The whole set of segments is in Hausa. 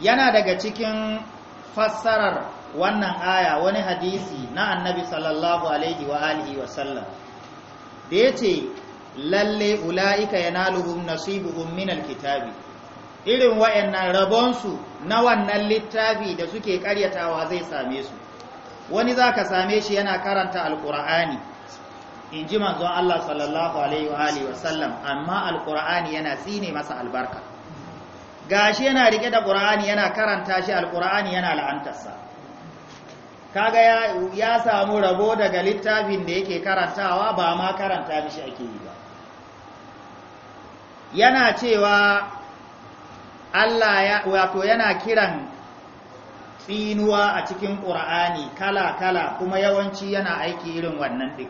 yana daga cikin fassarar wannan aya wani hadisi na annabi sallallahu alaihi wa alihi wa sallam da yace lalle ulaika yanaluhum nasibuhum min alkitabi irin wa'annan rabonsu na wannan littafi da suke karyatawa zai same su wani za ka same shi yana karanta in inji manzon Allah sallallahu alaihi wa alihi sallam amma alkur'ani yana tsine masa albarka gashi yana rike da qur'ani yana karanta shi alqur'ani yana la'antarsa kaga ya, ya samu rabo daga littafin da yake karantawa ba ma karanta mishi ake yi ba yana cewa Allah ya wato yana kiran tsinuwa a cikin ƙur'ani kala kala kuma yawanci yana aiki irin wannan ɗin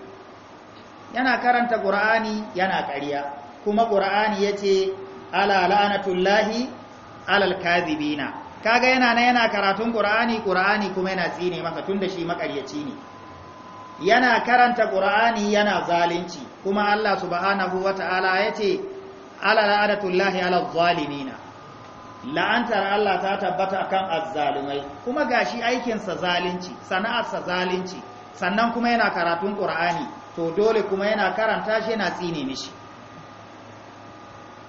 yana karanta ƙur'ani yana ƙarya kuma ƙur'ani ya ce ala la'anatullahi alal kadhibina kaga yana nan yana karatun qur'ani qur'ani kuma yana tsine tun tunda shi makaryaci ne yana karanta qur'ani yana zalunci kuma Allah subhanahu wata'ala yace ala la'adatullahi ala zalimina la'antar Allah ta tabbata akan azzalumai kuma gashi aikin sa zalunci sana'arsa zalunci sannan kuma yana karatun qur'ani to dole kuma yana karanta shi yana tsine mishi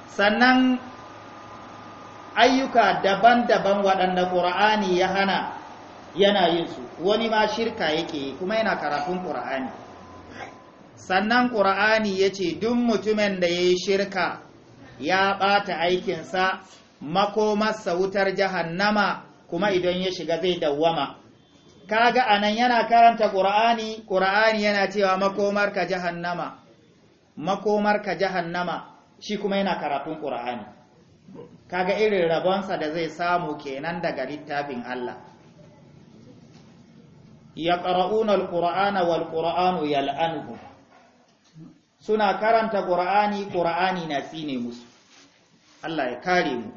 sannan ayyuka daban-daban waɗanda ƙura'ani ya hana yana yin su wani ma shirka yake kuma yana karatun ƙura'ani sannan ƙura'ani ya ce duk mutumin da ya yi shirka ya ɓata aikinsa makomarsa wutar jahannama kuma idan ya shiga zai dawwama ga anan yana karanta ƙura'ani ƙura'ani yana cewa makomarka jahannama makomarka jahannama shi kuma yana karatun ƙura'ani kaga irin rabonsa da zai samu kenan daga littafin Allah ya ƙara'una al'ura'ana wal'ura'anu yal'anhu suna karanta ƙura'ani ƙura'ani na tsine musu Allah ya kare mu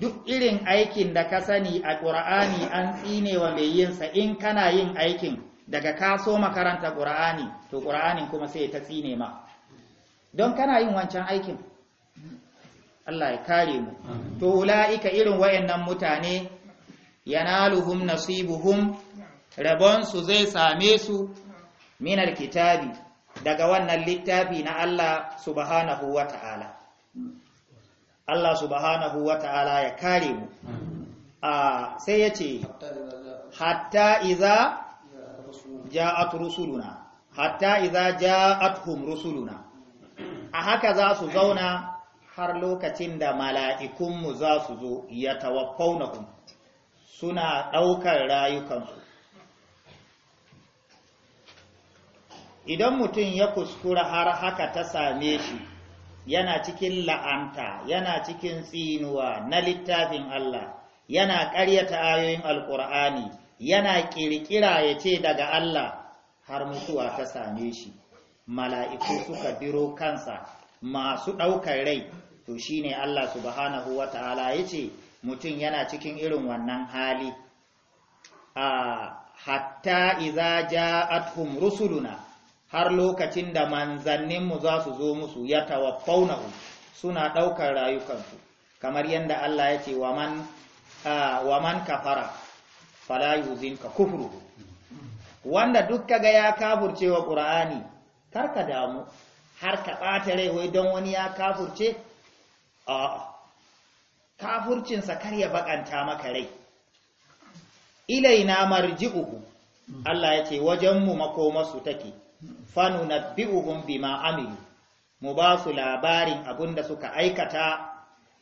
duk irin aikin da ka sani a ƙura'ani an tsine wa mai yinsa in kana yin aikin daga kaso makaranta ƙura'ani to ƙura'anin kuma sai ta tsine ma don kana yin wancan aikin Allah ya kare mu to ula'ika irin wayannan mutane yanaluhum nasibuhum rabon su zai same su min alkitabi daga wannan littafi na Allah subhanahu wata'ala Allah subhanahu wata'ala ya kare mu Sai sai yace hatta iza ja'at rusuluna hatta iza ja'atuhum rusuluna a haka za su zauna har lokacin da mala'ikunmu za su zo ya tawaffauna suna ɗaukar rayukansu idan mutum ya kuskura har haka ta same shi yana cikin la'anta yana cikin tsinuwa na littafin Allah yana ƙaryata ayoyin alƙur'ani yana ƙirƙira ya ce daga Allah har mutuwa ta same shi mala'iku suka biro kansa masu ɗaukar rai to shi ne Allah subhanahu wa ta'ala ce mutum yana cikin irin wannan hali a hatta idza ja'atuhum rusuluna har lokacin da manzanninmu za su zo musu ya tawaffaunahu suna ɗaukar rayukansu kamar yadda Allah ya ce wa man kafara fala yuzinka kufru wanda duk ga ya kafurce wa ƙur'ani ka damu har ka ɓata rai wai don wani ya kafurce a kafurcinsa kar ya baƙanta maka rai ilaina marji'uhu Allah ya ce wajenmu makomarsu take fanu na bi'uhun bima amilu mu ba su labarin abin da suka aikata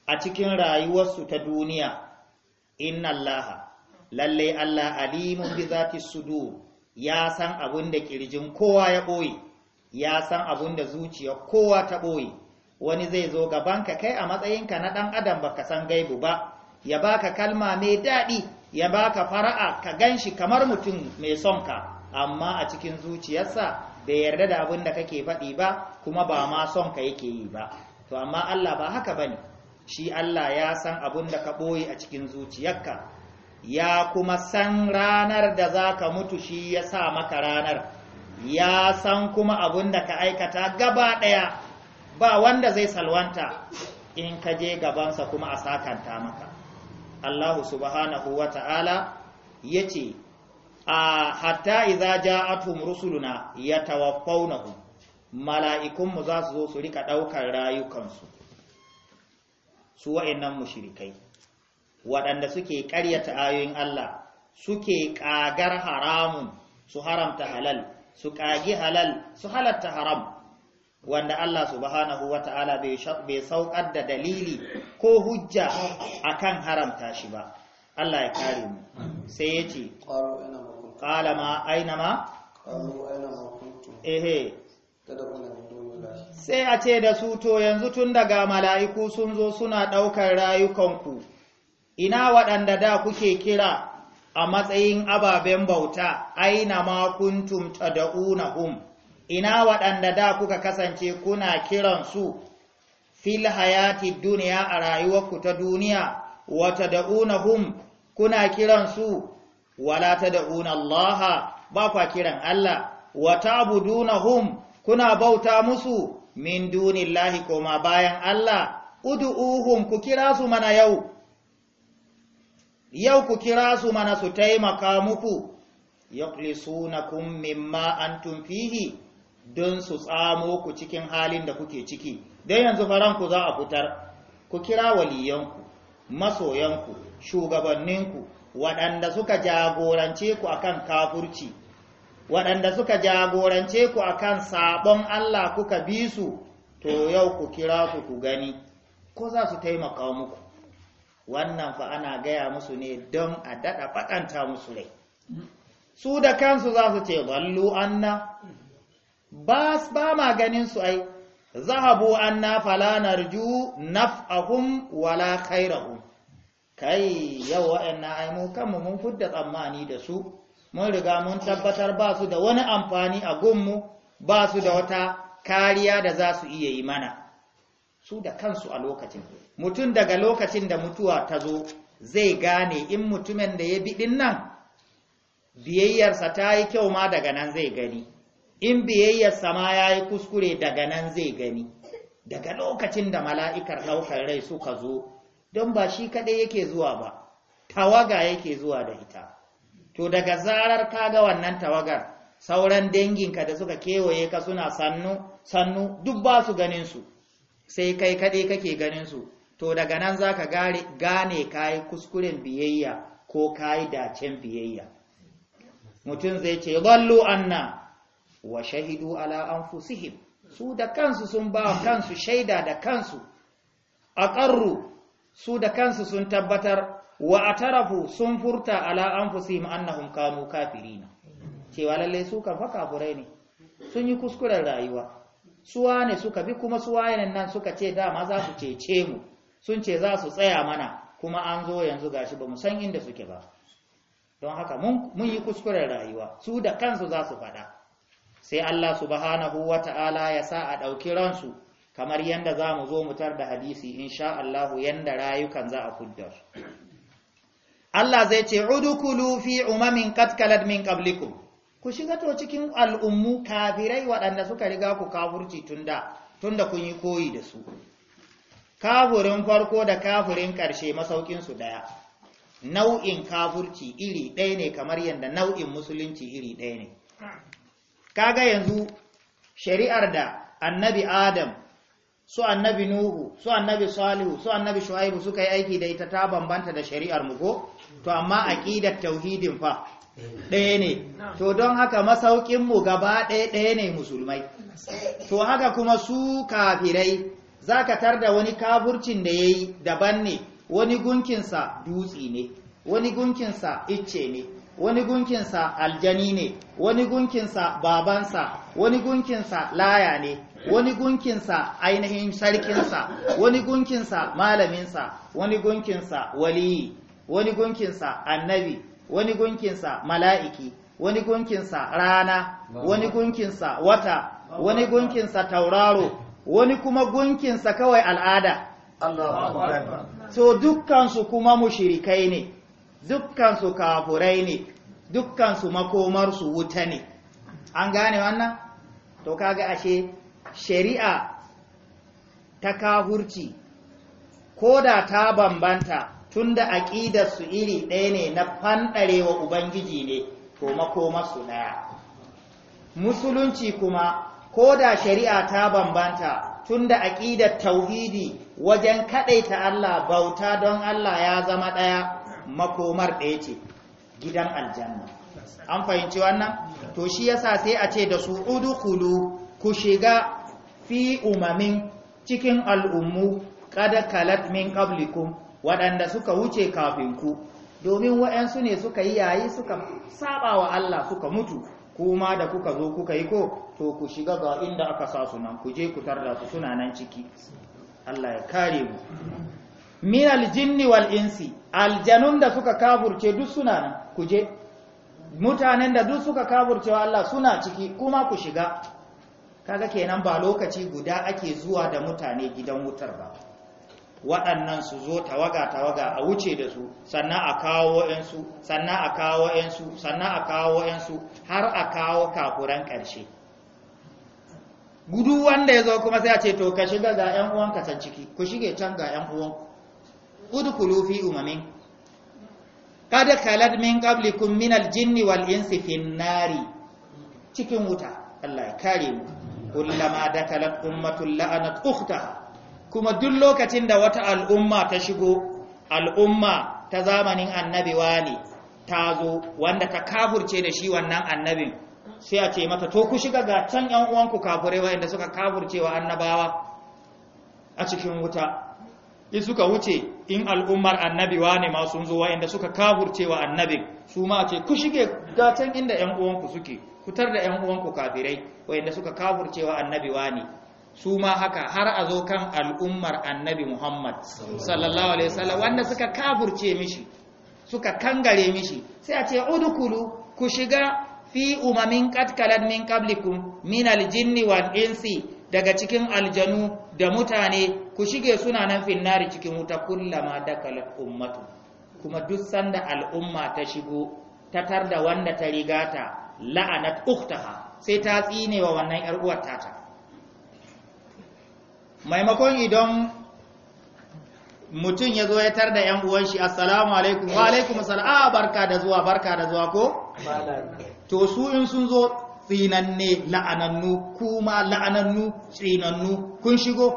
a cikin rayuwarsu ta duniya inna allaha lallai Allah alimun bi zati sudu ya san abin da kirjin kowa ya ɓoye ya san abin da zuciya kowa ta ɓoye wani zai zo gaban ka kai a matsayinka na ɗan adam baka san gaibu ba ya baka kalma mai daɗi ya baka fara'a ka ganshi kamar mutum mai son ka amma a cikin zuciyarsa bai yarda da abin da kake faɗi ba kuma ba ma son ka yake yi ba to amma Allah ba haka bane shi Allah ya san abin da ka boye a cikin zuciyarka ya kuma san ranar da za ka mutu shi ya sa maka ranar ya san kuma abin da ka aikata gaba ɗaya ba wanda zai salwanta in ka je gabansa kuma a sakanta maka Allahu subhanahu wa ta'ala ya ce a hatta iza ja atum rusuluna ya yatawaffawnahum mala'ikunmu za su zo su rika ɗaukar rayukansu su wa'innan mushrikai waɗanda suke ƙaryata ayoyin Allah suke ƙagar haramun su haramta halal su ƙagi halal su halatta haram wanda Allah subhanahu wa ta'ala bai sauƙar da dalili ko hujja akan haramta shi ba Allah ya kare mu sai ya ce ƙala ma aina ma ehe sai a ce da su to yanzu tun daga mala'iku sun zo suna ɗaukar rayukanku ina waɗanda da kuke kira a matsayin ababen bauta aina ma kuntum hum. ina waɗanda da kuka kasance kuna kiran su fil hayati duniya a rayuwarku ta duniya wata da'unahum kuna kiran su wala ta da'una unallaha ba kwa kiran Allah wata budunahum kuna bauta musu min dunillahi koma bayan Allah udu'uhum ku kira su mana yau yau ku kira su mana su taimaka muku yaqlisunakum mimma antum fihi don su tsamo ku cikin halin da kuke ciki don yanzu faranku za a fitar ku kira waliyanku masoyanku shugabanninku waɗanda suka jagorance ku akan kafurci waɗanda suka jagorance ku akan sabon Allah kuka bi su to yau ku kira ku ku gani ko za su taimaka muku wannan fa ana gaya musu ne don a daɗa faɗanta musu rai su da kansu za su ce ballu anna ba ba ma ganin su ai zahabu anna fala narju naf'ahum wala khairahum kai yau wa'annan ai mu kanmu mun fudda tsammani da su mun riga mun tabbatar ba su da wani amfani a gunmu ba su da wata kariya da za su iya yi mana su da kansu a lokacin mutum daga lokacin da mutuwa ta zo zai gane in mutumin da ya biɗin nan biyayyarsa ta yi kyau ma daga nan zai gani in biyayyar sama ya yi kuskure daga nan zai gani daga lokacin da mala'ikar ɗaukar rai suka zo don ba shi kaɗai yake zuwa ba tawaga yake zuwa da ita to daga zarar kaga wannan tawagar sauran danginka da suka kewaye ka suna sannu sannu duk ba su ganinsu sai kai kaɗai kake ganinsu to daga nan za ka gane ka yi kuskuren biyayya ko ka yi dacen biyayya mutum zai ce zallo anna wa shahidu ala anfusihim su da kansu sun ba kansu shaida da kansu aqarru su da kansu sun tabbatar wa atarafu sun furta ala anfusihim annahum kanu kafirina cewa lalle su ka fa kafirai ne sun yi kuskuren rayuwa suwa ne suka bi kuma suwayen nan suka ce dama za su cece mu sun ce za su tsaya mana kuma an zo yanzu gashi ba mu san inda suke ba don haka mun yi kuskuren rayuwa su da kansu za su faɗa sai Allah subhanahu wa ta'ala ya sa a ɗauki ransu kamar yadda za mu zo mutar da hadisi in sha Allahu yadda rayukan za a fudda Allah zai ce, Udukulu fi umamin katkalad min qablikum ku shiga to cikin al'ummu kafirai waɗanda suka riga ku kafurci tunda, tunda kun yi koyi da su. Kafurin farko da kafurin ƙarshe masaukinsu ɗaya, nau'in kafurci iri ɗaya ne kamar yadda nau'in musulunci iri ɗaya ne. kaga yanzu shari'ar da annabi adam su annabi nuhu su annabi salihu su annabi shu'aibu suka yi aiki da ita ta bambanta da shari'ar mu ko to amma aqidar tauhidin fa ɗaya ne to don haka masaukin mu gaba ɗaya ɗaya ne musulmai to haka kuma su kafirai zaka da wani kafurcin da yayi daban ne wani gunkinsa dutse ne wani gunkinsa icce ne wani gunkinsa aljani ne wani gunkinsa babansa wani gunkinsa laya ne wani gunkinsa ainihin sarkinsa wani gunkinsa malaminsa wani gunkinsa waliyi wani gunkinsa annabi wani gunkinsa mala'iki wani gunkinsa rana wani gunkinsa wata wani gunkinsa tauraro wani kuma gunkinsa kawai al'ada so dukkansu kuma mushirikai ne dukkansu kafurai ne dukkansu makomarsu wuta ne an gane wannan to kaga ashe shari'a ta kafurci ko da ta bambanta tunda aƙidarsu iri ɗaya ne na fanɗarewa ubangiji ne to makomarsu ɗaya musulunci kuma ko da shari'a ta bambanta tunda aƙidar tauhidi wajen kaɗaita Allah bauta don Allah ya zama ɗaya makomar ɗaya ce gidan aljanna an fahimci wannan to shi yasa sai a ce da su udukulu ku shiga fi umamin cikin al'ummu kada kalat min qablikum waɗanda suka wuce kafin ku domin waɗansu ne suka yi yayi suka saba wa Allah suka mutu kuma da kuka zo kuka yi ko to ku shiga ga inda aka sa su nan ku je ku tarda su suna nan ciki Allah ya kare mu min aljinni wal insi aljanun da suka kaburce duk suna nan ku mutanen da duk suka wa Allah suna ciki kuma ku shiga kaga kenan ba lokaci guda ake zuwa da mutane gidan wutar ba waɗannan su zo tawaga-tawaga a wuce da su sannan a kawo ‘yansu sannan a kawo ‘yansu sannan a kawo ‘yansu har a kawo kafuran ƙarshe gudu wanda ya zo kuma sai a ce to ka shiga ga ‘yan uwanka can ciki ku shige can ga ‘yan uwanku udkhulu fi umamin kada khalat min qablikum min al wal insi fi nari cikin wuta Allah ya kare mu kullama dakalat ummatul la'anat ukhtaha kuma duk lokacin da wata al'umma ta shigo al'umma ta zamanin annabi wani ta zo wanda ta kafurce da shi wannan annabin sai a ce mata to ku shiga ga can yan uwanku kafurai wanda suka kafurce wa annabawa a cikin wuta in suka wuce in al'ummar annabi wane ma sun zo wa'inda suka kafurcewa annabi su ma ce ku shige gatan inda ƴan uwanku suke kutar da 'yan uwanku kafirai wa'inda suka kafurcewa annabi wane su ma haka har a zo kan al'ummar annabi Muhammad sallallahu alaihi wasallam wanda suka kafurce mishi suka kangare mishi sai a ce udkhulu ku shiga fi umamin qad min qablikum min al-jinni wal insi daga cikin aljanu da mutane ku shige suna nan finnari cikin wuta kullama daga ummatu kuma duk sanda al'umma ta shigo ta tarda wanda ta rigata la'anat uktaha sai ta tsine wa wannan yar uwar tata maimakon idan mutum ya zo ya tarda yan uwan shi assalamu alaikum wa alaikum assalam a barka da zuwa barka da zuwa ko to su in sun zo tsinanne la'anannu kuma la'anannu tsinannu kun shigo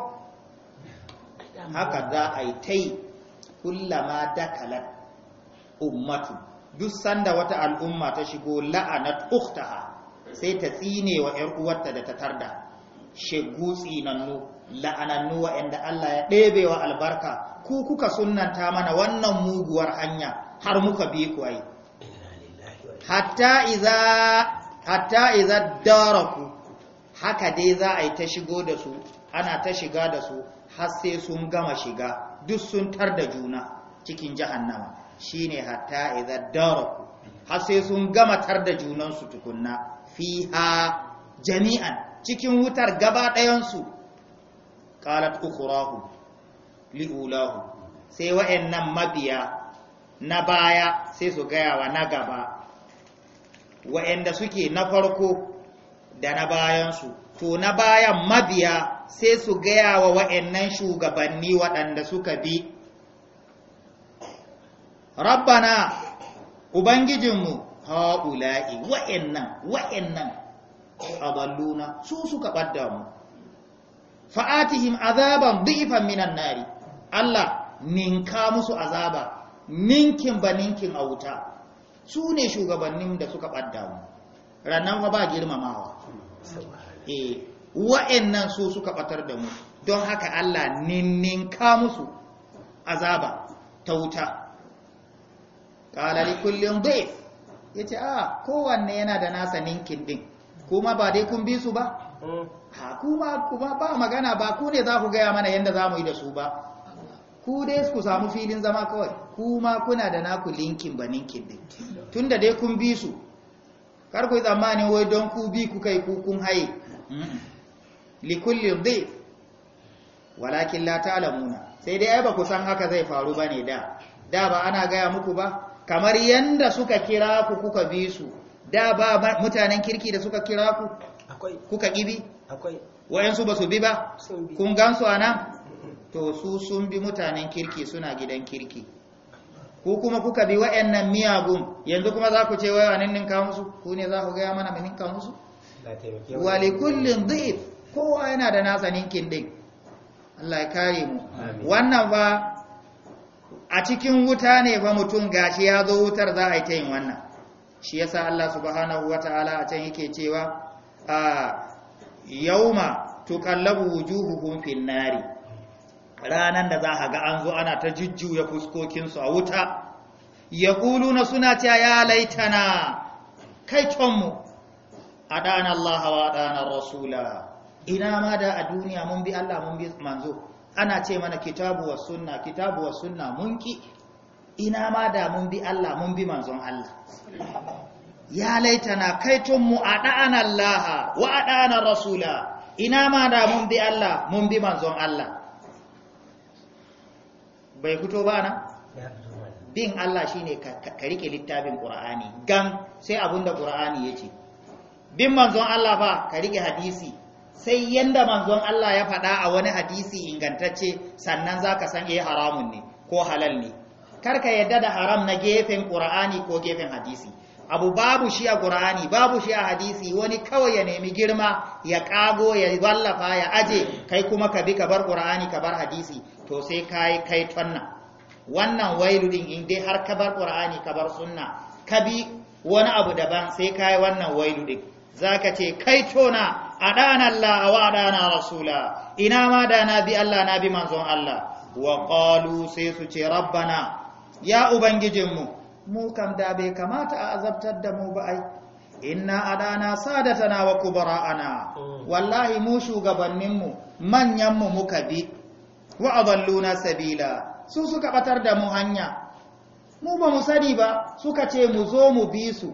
haka za a yi ta yi kullama dakalar ummatu duk sanda wata al'umma ta shigo la'anat uktaha sai ta tsine wa ‘yar uwarta da ta tarda shigo tsinannu la'anannu wa'yanda Allah ya ɗebe wa albarka ku kuka sunanta mana wannan muguwar hanya har muka bi ku ai hatta iza hatta idza daraku haka dai za a yi ta shigo da su ana ta shiga da su har sai sun gama shiga duk sun tar da juna cikin jahannama shine hatta idza daraku har sai sun gama tar da junansu su tukunna fiha jami'an cikin wutar gaba ɗayan su qalat liulahu sai wa'annan mabiya na baya sai su gaya wa na gaba wa'anda suke na farko da na bayan su to na bayan mabiya sai su gaya wa wa'annan shugabanni waɗanda suka bi rabbana ubangijinmu haula'i wa'annan wa'annan aballuna su suka ɓadda mu fa'atihim azaban du'ifan minan nari Allah ninka musu azaba ninkin ba ninkin a wuta su ne shugabannin da suka ɓadda mu rannan fa ba girmamawa eh wa'annan su suka ɓatar da mu don haka Allah ninninka musu azaba ta wuta qala kullum kullin ya ce a kowanne yana da nasa ninkin din kuma ba dai kun bi su ba hmm. ha kuma ba magana ba ku ne za ku gaya mana yadda za mu yi da su ba ku dai ku samu filin zama kawai kuma kuna da naku linkin ba linkin din tunda dai kun bi su kar ku yi tsammanin wai don ku bi ku kai ku kun haye likulli dhif walakin la ta'lamuna sai dai ai ba ku san haka zai faru bane da da ba ana gaya muku ba kamar yanda suka kira ku kuka bi su da ba mutanen kirki da suka kira ku kuka kibi akwai wayansu ba su bi ba kun gansu anan to su sun bi mutanen kirki suna gidan kirki ku kuma kuka bi wa'annan miyagun yanzu kuma za ku ce wai wani ninka musu ku ne za ku gaya mana mu ninka musu wali kullin zai kowa yana da nasa ninkin din Allah ya kare mu wannan ba a cikin wuta ne ba mutum gashi ya zo wutar za a yi ta yin wannan shi yasa Allah subhanahu wataala a can yake cewa a ah, yauma tuqallabu wujuhuhum fin nari ranan da za a ga an zo ana ta jujjuya fuskokinsu a wuta ya na suna cewa ya laitana kai canmu a ɗanar Allah wa ɗanar rasula ina ma da a duniya mun bi Allah mun bi manzo ana ce mana kitabu wa sunna kitabu wa sunna mun ki ina ma da mun bi Allah mun bi manzon Allah ya laitana kai canmu a ɗanar Allah wa ɗanar rasula ina ma da mun bi Allah mun bi manzon Allah bai fito ba na bin Allah shine ka rike littafin ƙura'ani gan sai da abinda ya ce. bin manzon Allah ba ka rike hadisi sai yadda manzon Allah ya faɗa a wani hadisi ingantacce sannan za ka san eh haramun ne ko halal ne karka yadda da haram na gefen ƙura'ani ko gefen hadisi abu babu shi a ƙur'ani babu shi a hadisi wani kawai ya nemi girma ya ƙago ya wallafa ya aje kai kuma ka bi ka bar ƙur'ani ka bar hadisi to sai kai kai tonna wannan wailudin in dai har ka bar ƙur'ani ka bar sunna ka bi wani abu daban sai kai wannan wailudin zaka ce kai tona adana Allah wa adana rasula ina ma da na bi Allah na bi manzon Allah wa qalu sai su ce rabbana ya ubangijinmu mu kam da bai kamata a azabtar da mu ba ai inna adana sadatana wa kubara'ana mm. wallahi mu shugabanninmu manyanmu muka bi wa adalluna sabila su suka batar da mu hanya mu ba mu sani ba suka ce mu zo mu bi su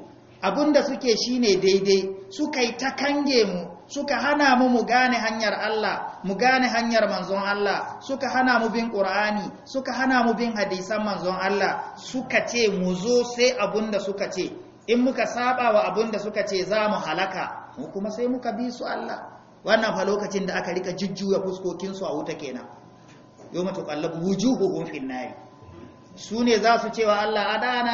abinda suke shine daidai suka yi ta kange mu suka hana mu mu gane hanyar Allah mu gane hanyar manzon Allah suka hana mu bin Qur'ani suka hana mu bin hadisan manzon Allah suka ce mu zo sai abinda suka ce in muka saba wa abinda suka ce za mu halaka mu kuma sai muka bi su Allah wannan fa lokacin da aka rika jujjuya fuskokin su a wuta kenan yawma tuqallabu wujuhuhum fin nari su ne za su cewa Allah a adana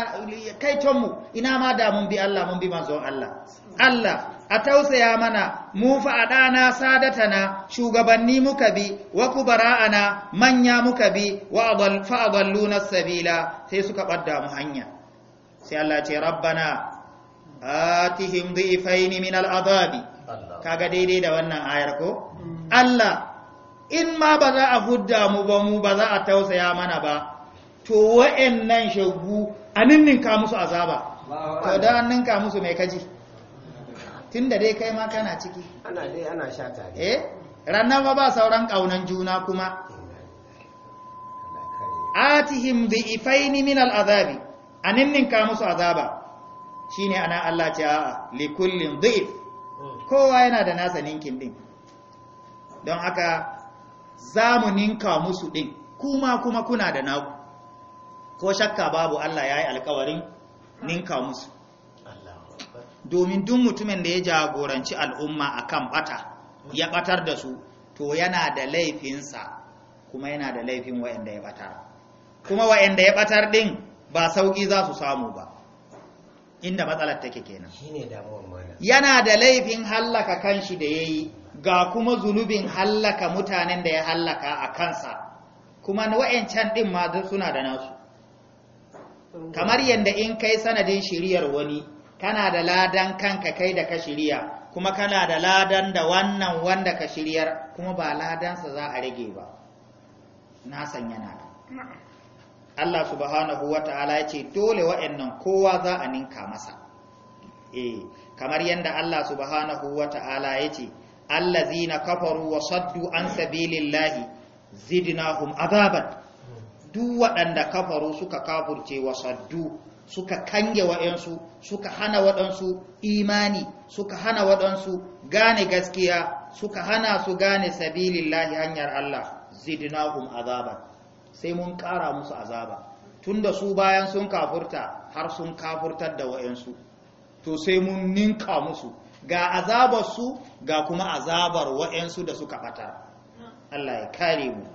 kai tonmu ina ma da mun bi Allah mun bi manzon Allah Allah a tausaya mana mu fa a adana sadatana shugabanni muka bi wa kubara'ana manya muka bi wa adall fa adalluna sabila sai suka ɓadda mu hanya sai Allah ce rabbana atihim dhifaini min al'adabi kaga daidai da wannan ayar ko Allah in ma ba za a hudda mu ba mu ba za a tausaya mana ba to wa'annan shagu a ninninka musu azaba to da an ninka musu mai kaji tun da dai kai ma kana ciki ana dai ana sha tare eh ranar ba ba sauran ƙaunan juna kuma atihim bi ifaini min al'azabi a ninninka musu azaba shine ana Allah ce a'a likullin dhif kowa yana da nasa ninkin din don haka za mu ninka musu din kuma kuma kuna da naku ko shakka babu Allah ya yi alkawarin ninka musu domin duk mutumin da ya jagoranci al'umma a kan bata ya batar da su to yana da laifinsa kuma yana da laifin wa'anda ya batar kuma wa'anda ya batar din ba sauki za su samu ba inda matsalar take kenan yana da laifin hallaka kanshi da ya yi ga kuma zunubin hallaka mutanen da ya hallaka a kansa kuma na wa'ancan din ma suna da nasu kamar yadda in kai sanadin shiriyar wani kana da ladan kanka kai da ka shirya kuma kana da ladan da wannan wanda ka shiryar kuma ba ladansa za a rage ba na san yana da Allah subhanahu wa ta'ala ya ce dole wa'annan kowa za a ninka masa eh kamar yadda Allah subhanahu wa ta'ala ya ce allazina kafaru wa saddu an sabilillahi zidnahum azaban duk waɗanda kafaru suka kafurce wa saddu suka kange waɗansu suka hana waɗansu imani suka hana waɗansu gane gaskiya suka hana su gane sabilillahi hanyar Allah zidnahum azaban sai mun ƙara musu azaba tunda su bayan sun kafurta har sun kafurtar da waɗansu to sai mun ninka musu ga azabar su ga kuma azabar waɗansu da suka ɓatar Allah ya kare mu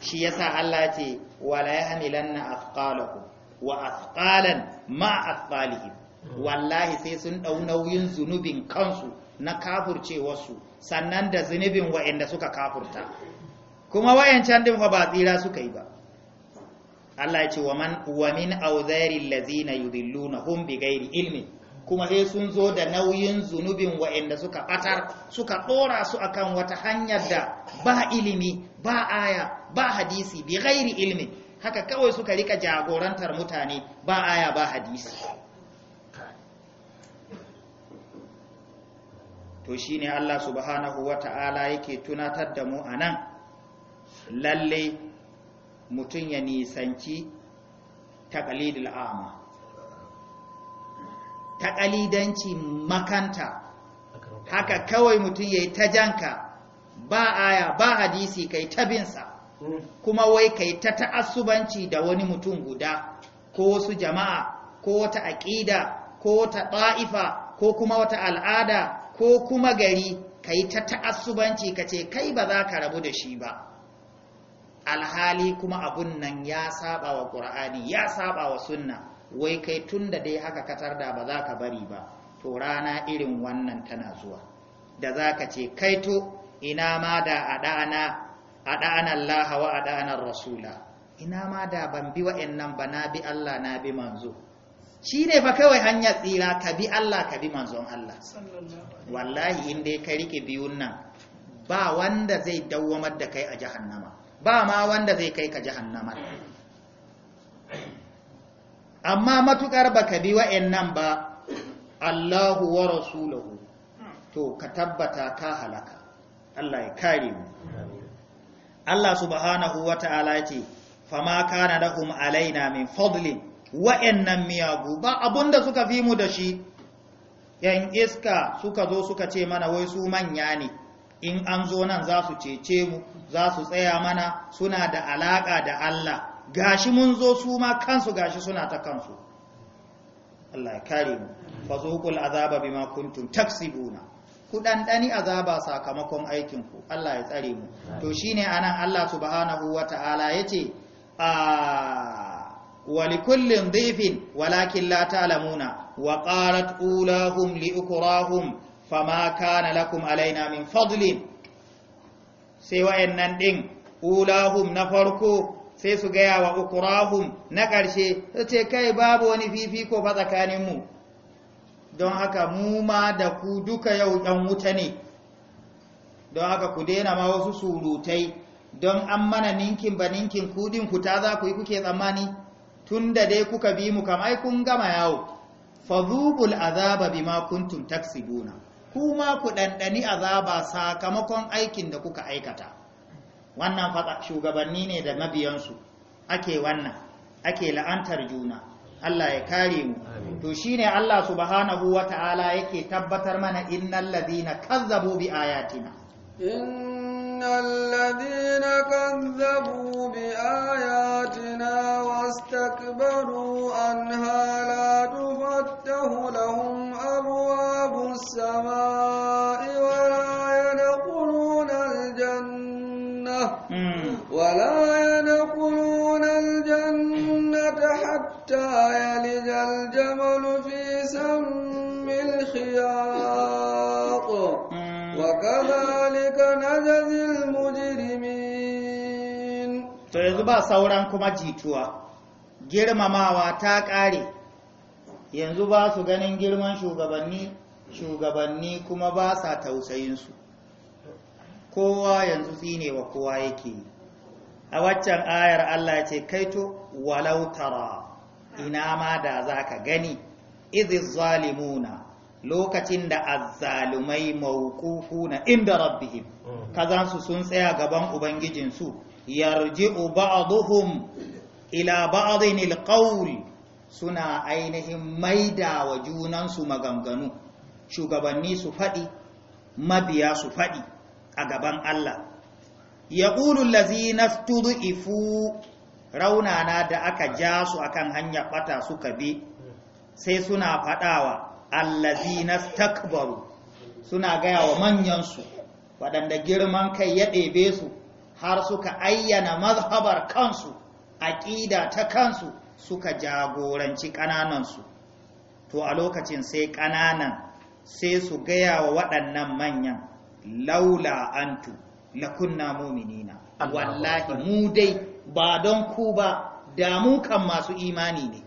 shi yasa Allah ce wala ya yahmilanna afqalakum wa afqalan ma afqalihim wallahi sai sun dau nauyin zunubin kansu na kafurcewarsu sannan da zunubin wa'anda suka kafurta kuma wayancan din fa ba tsira suka yi ba Allah ya ce wa man wa min awzari allazina hum bighairi ilmin kuma sai sun zo da nauyin zunubin wa'anda suka batar suka dora su akan wata hanyar da ba ilimi ba aya ba hadisi bi ghairi ilmi haka kawai suka rika jagorantar mutane ba aya ba hadisi to shine Allah subhanahu wata'ala yake tunatar da mu anan lalle mutum ya nisanci taqlidul a'ma ta ƙalidanci makanta haka kawai mutum ya yi ta janka ba aya ba hadisi kai ta binsa hmm. kuma wai kai ta ta'assubanci da wani mutum guda ko wasu jama'a ko wata aƙida ko wata ɗa'ifa ko kuma wata al'ada ko kuma gari kai ta ta'assubanci ka ce kai ba za ka rabu da shi ba alhali kuma abun nan ya saba wa ƙur'ani ya saba wa sunna wai kai tun da dai haka katar da ba za ka bari ba to rana irin wannan tana zuwa da za ka ce kaito ina ma da a da'ana Allah wa a da'ana rasula ina ma da ban bi nan ba na bi Allah na bi manzo shi ne fa kawai hanyar tsira ka bi Allah ka bi manzon Allah wallahi in dai ka rike biyun nan ba wanda zai dawwamar da kai a jahannama ba ma wanda zai kai ka jahannama amma matukar baka bi wa'annan ba Allahu wa rasuluhu to ka tabbata ka halaka Allah ya kare mu Allah subhanahu wata'ala ce fama kana lahum alaina min fadlin wa'annan miyagu ba abunda suka fi mu da shi yan iska suka zo suka ce mana wai su manya ne in an zo nan za su cece mu za su tsaya mana suna da alaka da Allah gashi mun zo su ma kansu gashi suna ta kansu Allah ya kare mu fazuqul azaba bima kuntum taksibuna ku dandani azaba sakamakon aikin ku Allah ya tsare mu to shine anan Allah subhanahu wataala yace a walikullin dhifin walakin la ta'lamuna wa qalat ulahum li ukrahum fama kana lakum alaina min fadlin sai wayannan din ulahum na farko sai su gaya wa ukurahum na ƙarshe su ce kai babu wani fifiko fa tsakaninmu don haka mu ma da ku duka yau ɗan wuta ne don haka ku daina ma wasu surutai don an mana ninkin ba ninkin kudin ku ta za ku yi kuke tsammani tun da dai kuka bi mu kam kun gama yawo fazubul azaba bima kuntum taksibuna kuma ku ɗanɗani azaba sakamakon aikin da kuka aikata wannan faɗa shugabanni ne da mabiyansu ake wannan ake la'antar juna Allah ya kare mu to shine Allah subhanahu Ta'ala yake tabbatar mana innal ladina kazzabu bi ayatina innal ladina kazzabu bi ayatina wastakbaru anha la tufattahu lahum abwabus samaa ba sauran kuma jituwa girmamawa ta ƙare yanzu ba su ganin girman shugabanni shugabanni kuma ba sa tausayinsu kowa yanzu tsinewa kowa yake a waccan ayar Allah ya ce kaito walau tara ina ma da za ka gani izi zalimuna lokacin da azzalumai mawqufuna inda rabbihim mm. kazansu sun tsaya gaban ubangijinsu yarji'u ba'dhum ila ba'dhin alqawl suna ainihin maida wa junansu maganganu shugabanni su faɗi mabiya su faɗi a gaban Allah ya ƙulun lazinas tudu ifu raunana da aka ja su akan hanyar ɓata suka bi sai suna faɗawa allazinas takbaru suna gaya wa manyansu waɗanda girman kai ya ɗebe su har suka ayyana mazhabar kansu aƙida ta kansu suka jagoranci ƙananansu to a lokacin sai ƙananan sai su gaya wa waɗannan manyan laula antu kunna muminina wallahi mu dai ba don ku ba da mu kan masu imani ne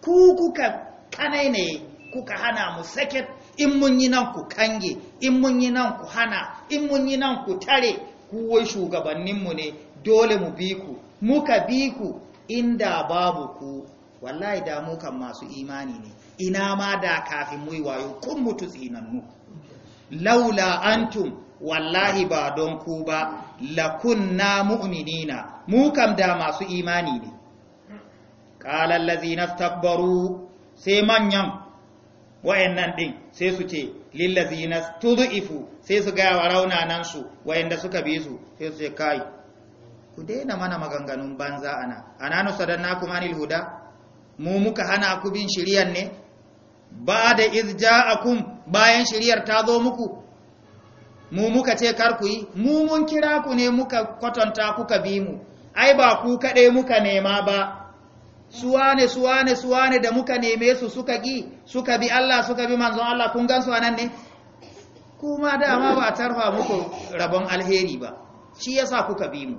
ku kuka kanai ne kuka hana mu saket in mun yi nan ku kange in mun yi nan ku hana in mun yi nan ku tare kuwai shugabanninmu ne dole mu bi ku muka bi ku inda babu ku wallahi da mu kan masu imani ne ina ma da kafin mu wayo kun mutu tsinannu laula antum wallahi ba don ku ba lakunna mu'minina mu kam da masu imani ne qala allazina istakbaru sai manyan Wayan nan ɗin, sai su ce lillazina tud'ifu sai su gaya wa raunanan su wayanda suka bi su sai su ce kai ku daina mana maganganun banza ana ananu kuma anil huda mu muka hana ku bin shiriyar ne ba da izja'akum bayan shiriyar ta zo muku mu muka ce kar ku yi mu mun kira ku ne muka kwatanta kuka bi mu ai ba ku kaɗai muka nema ba suwane suwane suwane da muka neme su suka ki suka bi Allah suka bi manzon Allah kun gan su anan ne kuma dama ba tarfa muku rabon alheri ba shi yasa kuka bi mu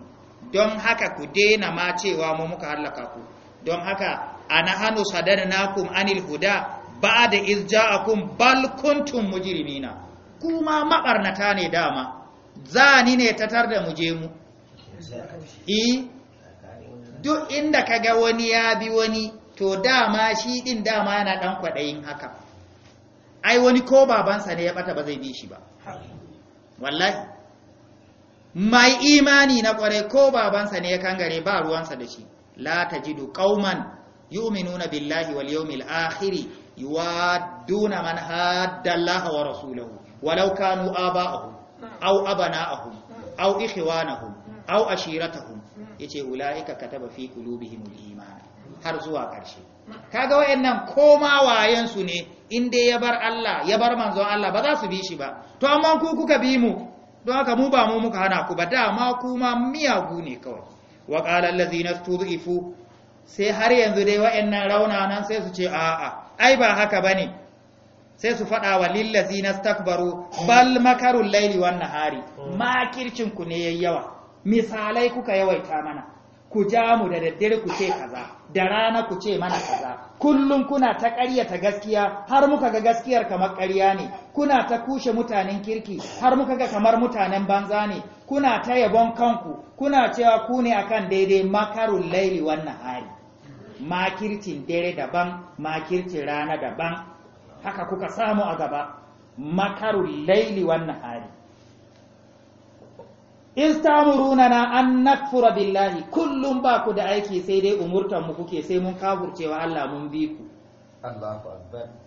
don haka ku daina ma cewa mu muka hallaka ku don haka ana hanu nakum anil huda ba'da iz ja'akum bal kuntum mujrimina kuma mabarnata ne dama zani ne tatar da muje mu duk inda ka ga wani ya bi wani to dama shi din dama yana dan kwaɗayin haka ai wani ko babansa ne ya bata ba zai bi shi ba wallahi mai imani na kwarai ko babansa ne ya kangare ba ruwansa da shi la tajidu qauman yu'minuna billahi wal yawmil akhir yuwadduna man hadda Allah wa rasulahu walau kanu aba'ahum aw abana'ahum aw ikhwanahum aw ashiratahum yace ulaika kataba fi qulubihimul iman har zuwa ƙarshe kaga wayannan koma wayen su ne inda ya bar Allah ya bar manzon Allah ba za su bi shi ba to amma ku kuka bi mu don haka mu ba mu muka hana ku ba da ma ku ma miyagu ne kawai wa qala allazina stud'ifu sai har yanzu dai rauna nan sai su ce a'a ai ba haka ba ne. sai su faɗa wa lillazina stakbaru bal makarul laili wan nahari makircin ku ne yawa. misalai kuka yawaita mana ku ja mu da daddare ku ce kaza da rana ku ce mana kaza kullum kuna ta ta gaskiya har muka ga gaskiyar kamar ƙarya ne kuna ta kushe mutanen kirki har muka ga kamar mutanen banza ne kuna ta yabon kanku kuna cewa ku ne akan daidai makarun laili wannan hari makircin dare daban makircin rana daban haka kuka samu a gaba makarun laili wannan hari istamurunana an nakfura billahi kullum ba ku da aiki sai dai umurtan mu kuke sai mun kafurcewa Allah mun bi ku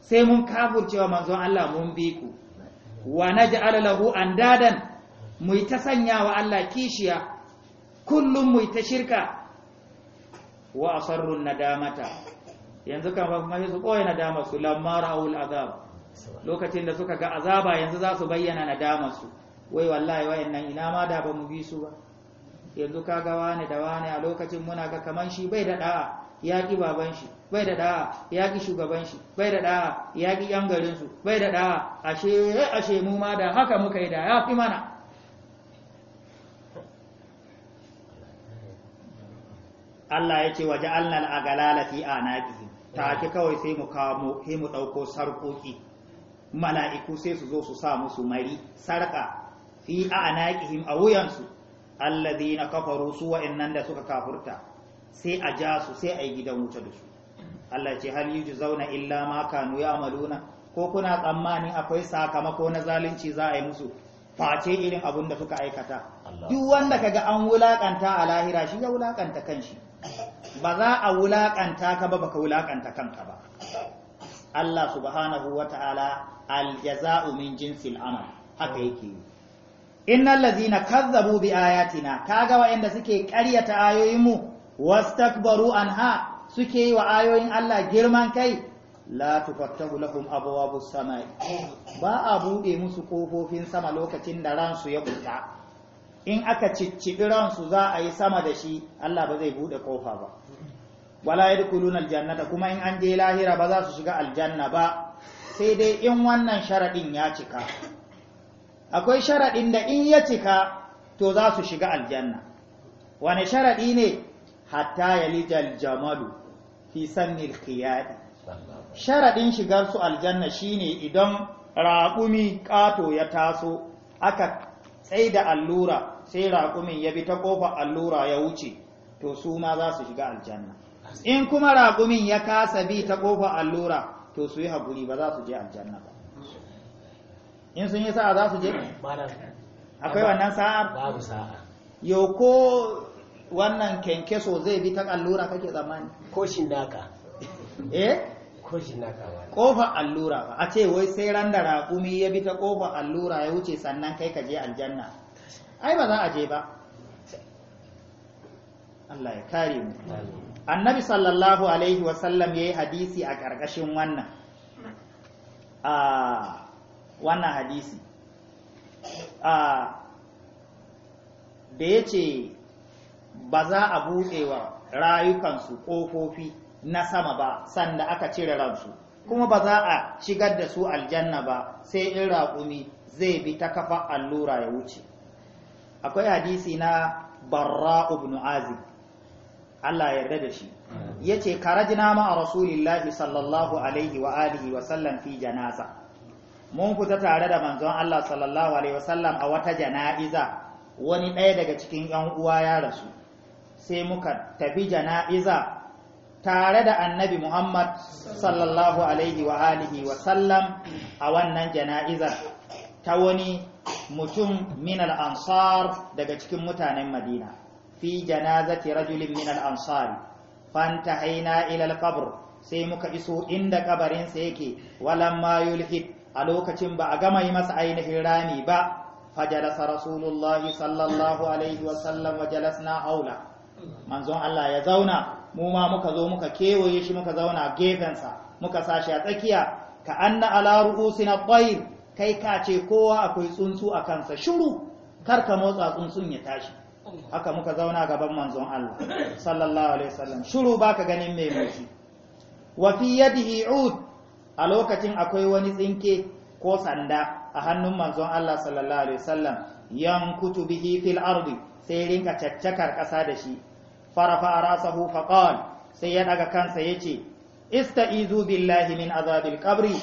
sai mun kafurcewa manzon Allah mun bi ku wa naj'al lahu andadan mu ta sanya wa Allah kishiya kullum mu ta shirka wa asarru nadamata yanzu kan ba kuma su koyi nadama su lamma ra'ul azab lokacin da suka ga azaba yanzu za su bayyana nadamar su wai wallahi wayannan ina ma da bamu bi su ba yanzu kaga wani da wani a lokacin muna ga kaman shi bai da da'a ya ki baban shi bai da da'a ya ki shugaban shi bai da da'a ya ki yan garin su bai da da'a ashe ashe mu ma da haka muka yi da ya fi mana Allah ya ce waje na agalala fi anaqihim ta ki kawai sai mu kamo sai mu dauko sarkoki mala'iku sai su zo su sa musu mari sarƙa. fi a'naqihim a wuyansu na kafaru su wa'annan da suka kafurta sai a ja su sai a yi gidan wuta da su Allah ce hal yujzauna illa ma kanu ya'maluna ko kuna tsammani akwai sakamako na zalunci za a yi musu face irin abun da suka aikata duk wanda kaga an wulakanta a lahira shi ya wulakanta kanshi ba za a wulakanta ka ba baka wulakanta kanka ba Allah subhanahu wa ta'ala al jaza'u min jinsil amal haka yake yi innal ladhina kazzabu bi ayatina kaga wayanda suke ƙaryata ayoyinmu wastakbaru anha suke yi wa ayoyin Allah girman kai la tufattahu lahum abwabus samai ba a bude musu kofofin sama lokacin da ransu ya buta in aka ciccibi ransu za a yi sama da shi Allah ba zai bude kofa ba wala yadkhuluna aljannata kuma in an je lahira ba za su shiga aljanna ba sai dai in wannan sharaɗin ya cika akwai sharaɗin da in ya cika to za su shiga aljanna wani sharaɗi ne hatta yalijal jamalu fi sannil khiyadi sharaɗin shigar su aljanna shine idan raƙumi ƙato ya taso aka tsaida allura sai raƙumin ya bi ta ƙofa allura ya wuce to su ma za su shiga aljanna in kuma raƙumin ya kasa bi ta ƙofa allura to su yi haƙuri ba za su je aljanna ba in sun yi sa'a za su je akwai wannan sa'a babu sa'a yau ko wannan kenkeso zai bi ta allura kake zamani ko shindaka eh koshin shindaka wani kofar allura ba a ce wai sai ran da raƙumi ya bi ta kofar allura ya wuce sannan kai ka je aljanna ai ba za a je ba Allah ya kare mu annabi sallallahu alaihi wasallam ya yi hadisi a ƙarƙashin wannan ah, wannan hadisi da ya ce ba za a wa rayukansu ƙofofi na sama ba sanda aka cire ransu kuma ba za a shigar da su aljanna ba sai in raƙumi zai bi ta kafa allura ya wuce akwai hadisi na barra ibn azib Allah ya yarda da shi yace karajina ma a rasulillahi sallallahu alaihi wa alihi wa sallam fi janaza mun fita tare da manzon Allah sallallahu alaihi wasallam a wata jana'iza wani ɗaya daga cikin ‘yan uwa ya rasu sai muka tafi jana'iza tare da annabi Muhammad sallallahu alaihi wa alihi wa sallam a wannan jana'izar ta wani mutum min al ansar daga cikin mutanen Madina fi janazati rajulin al-ansar. fanta haina al qabr sai muka iso inda kabarinsa yake walamma yulhid a lokacin ba a gama yi masa ainihin rami ba fajalasa rasulullahi sallallahu alaihi wasallam wa na haula manzon Allah ya zauna mu ma muka zo muka kewaye shi muka zauna gefensa muka sashi a tsakiya ka anna ala ru'usina tayr kai ka ce kowa akwai tsuntsu a kansa shiru kar ka motsa tsuntsun ya tashi haka muka zauna gaban manzon Allah sallallahu alaihi wasallam shiru baka ganin mai motsi wa fi yadihi ud a lokacin akwai wani tsinke ko sanda a hannun manzon Allah sallallahu alaihi wasallam bihi fil ardi sai rinka caccakar ƙasa da shi farafa rasahu faqal sai ya daga kansa yace ista'izu billahi min azabil qabri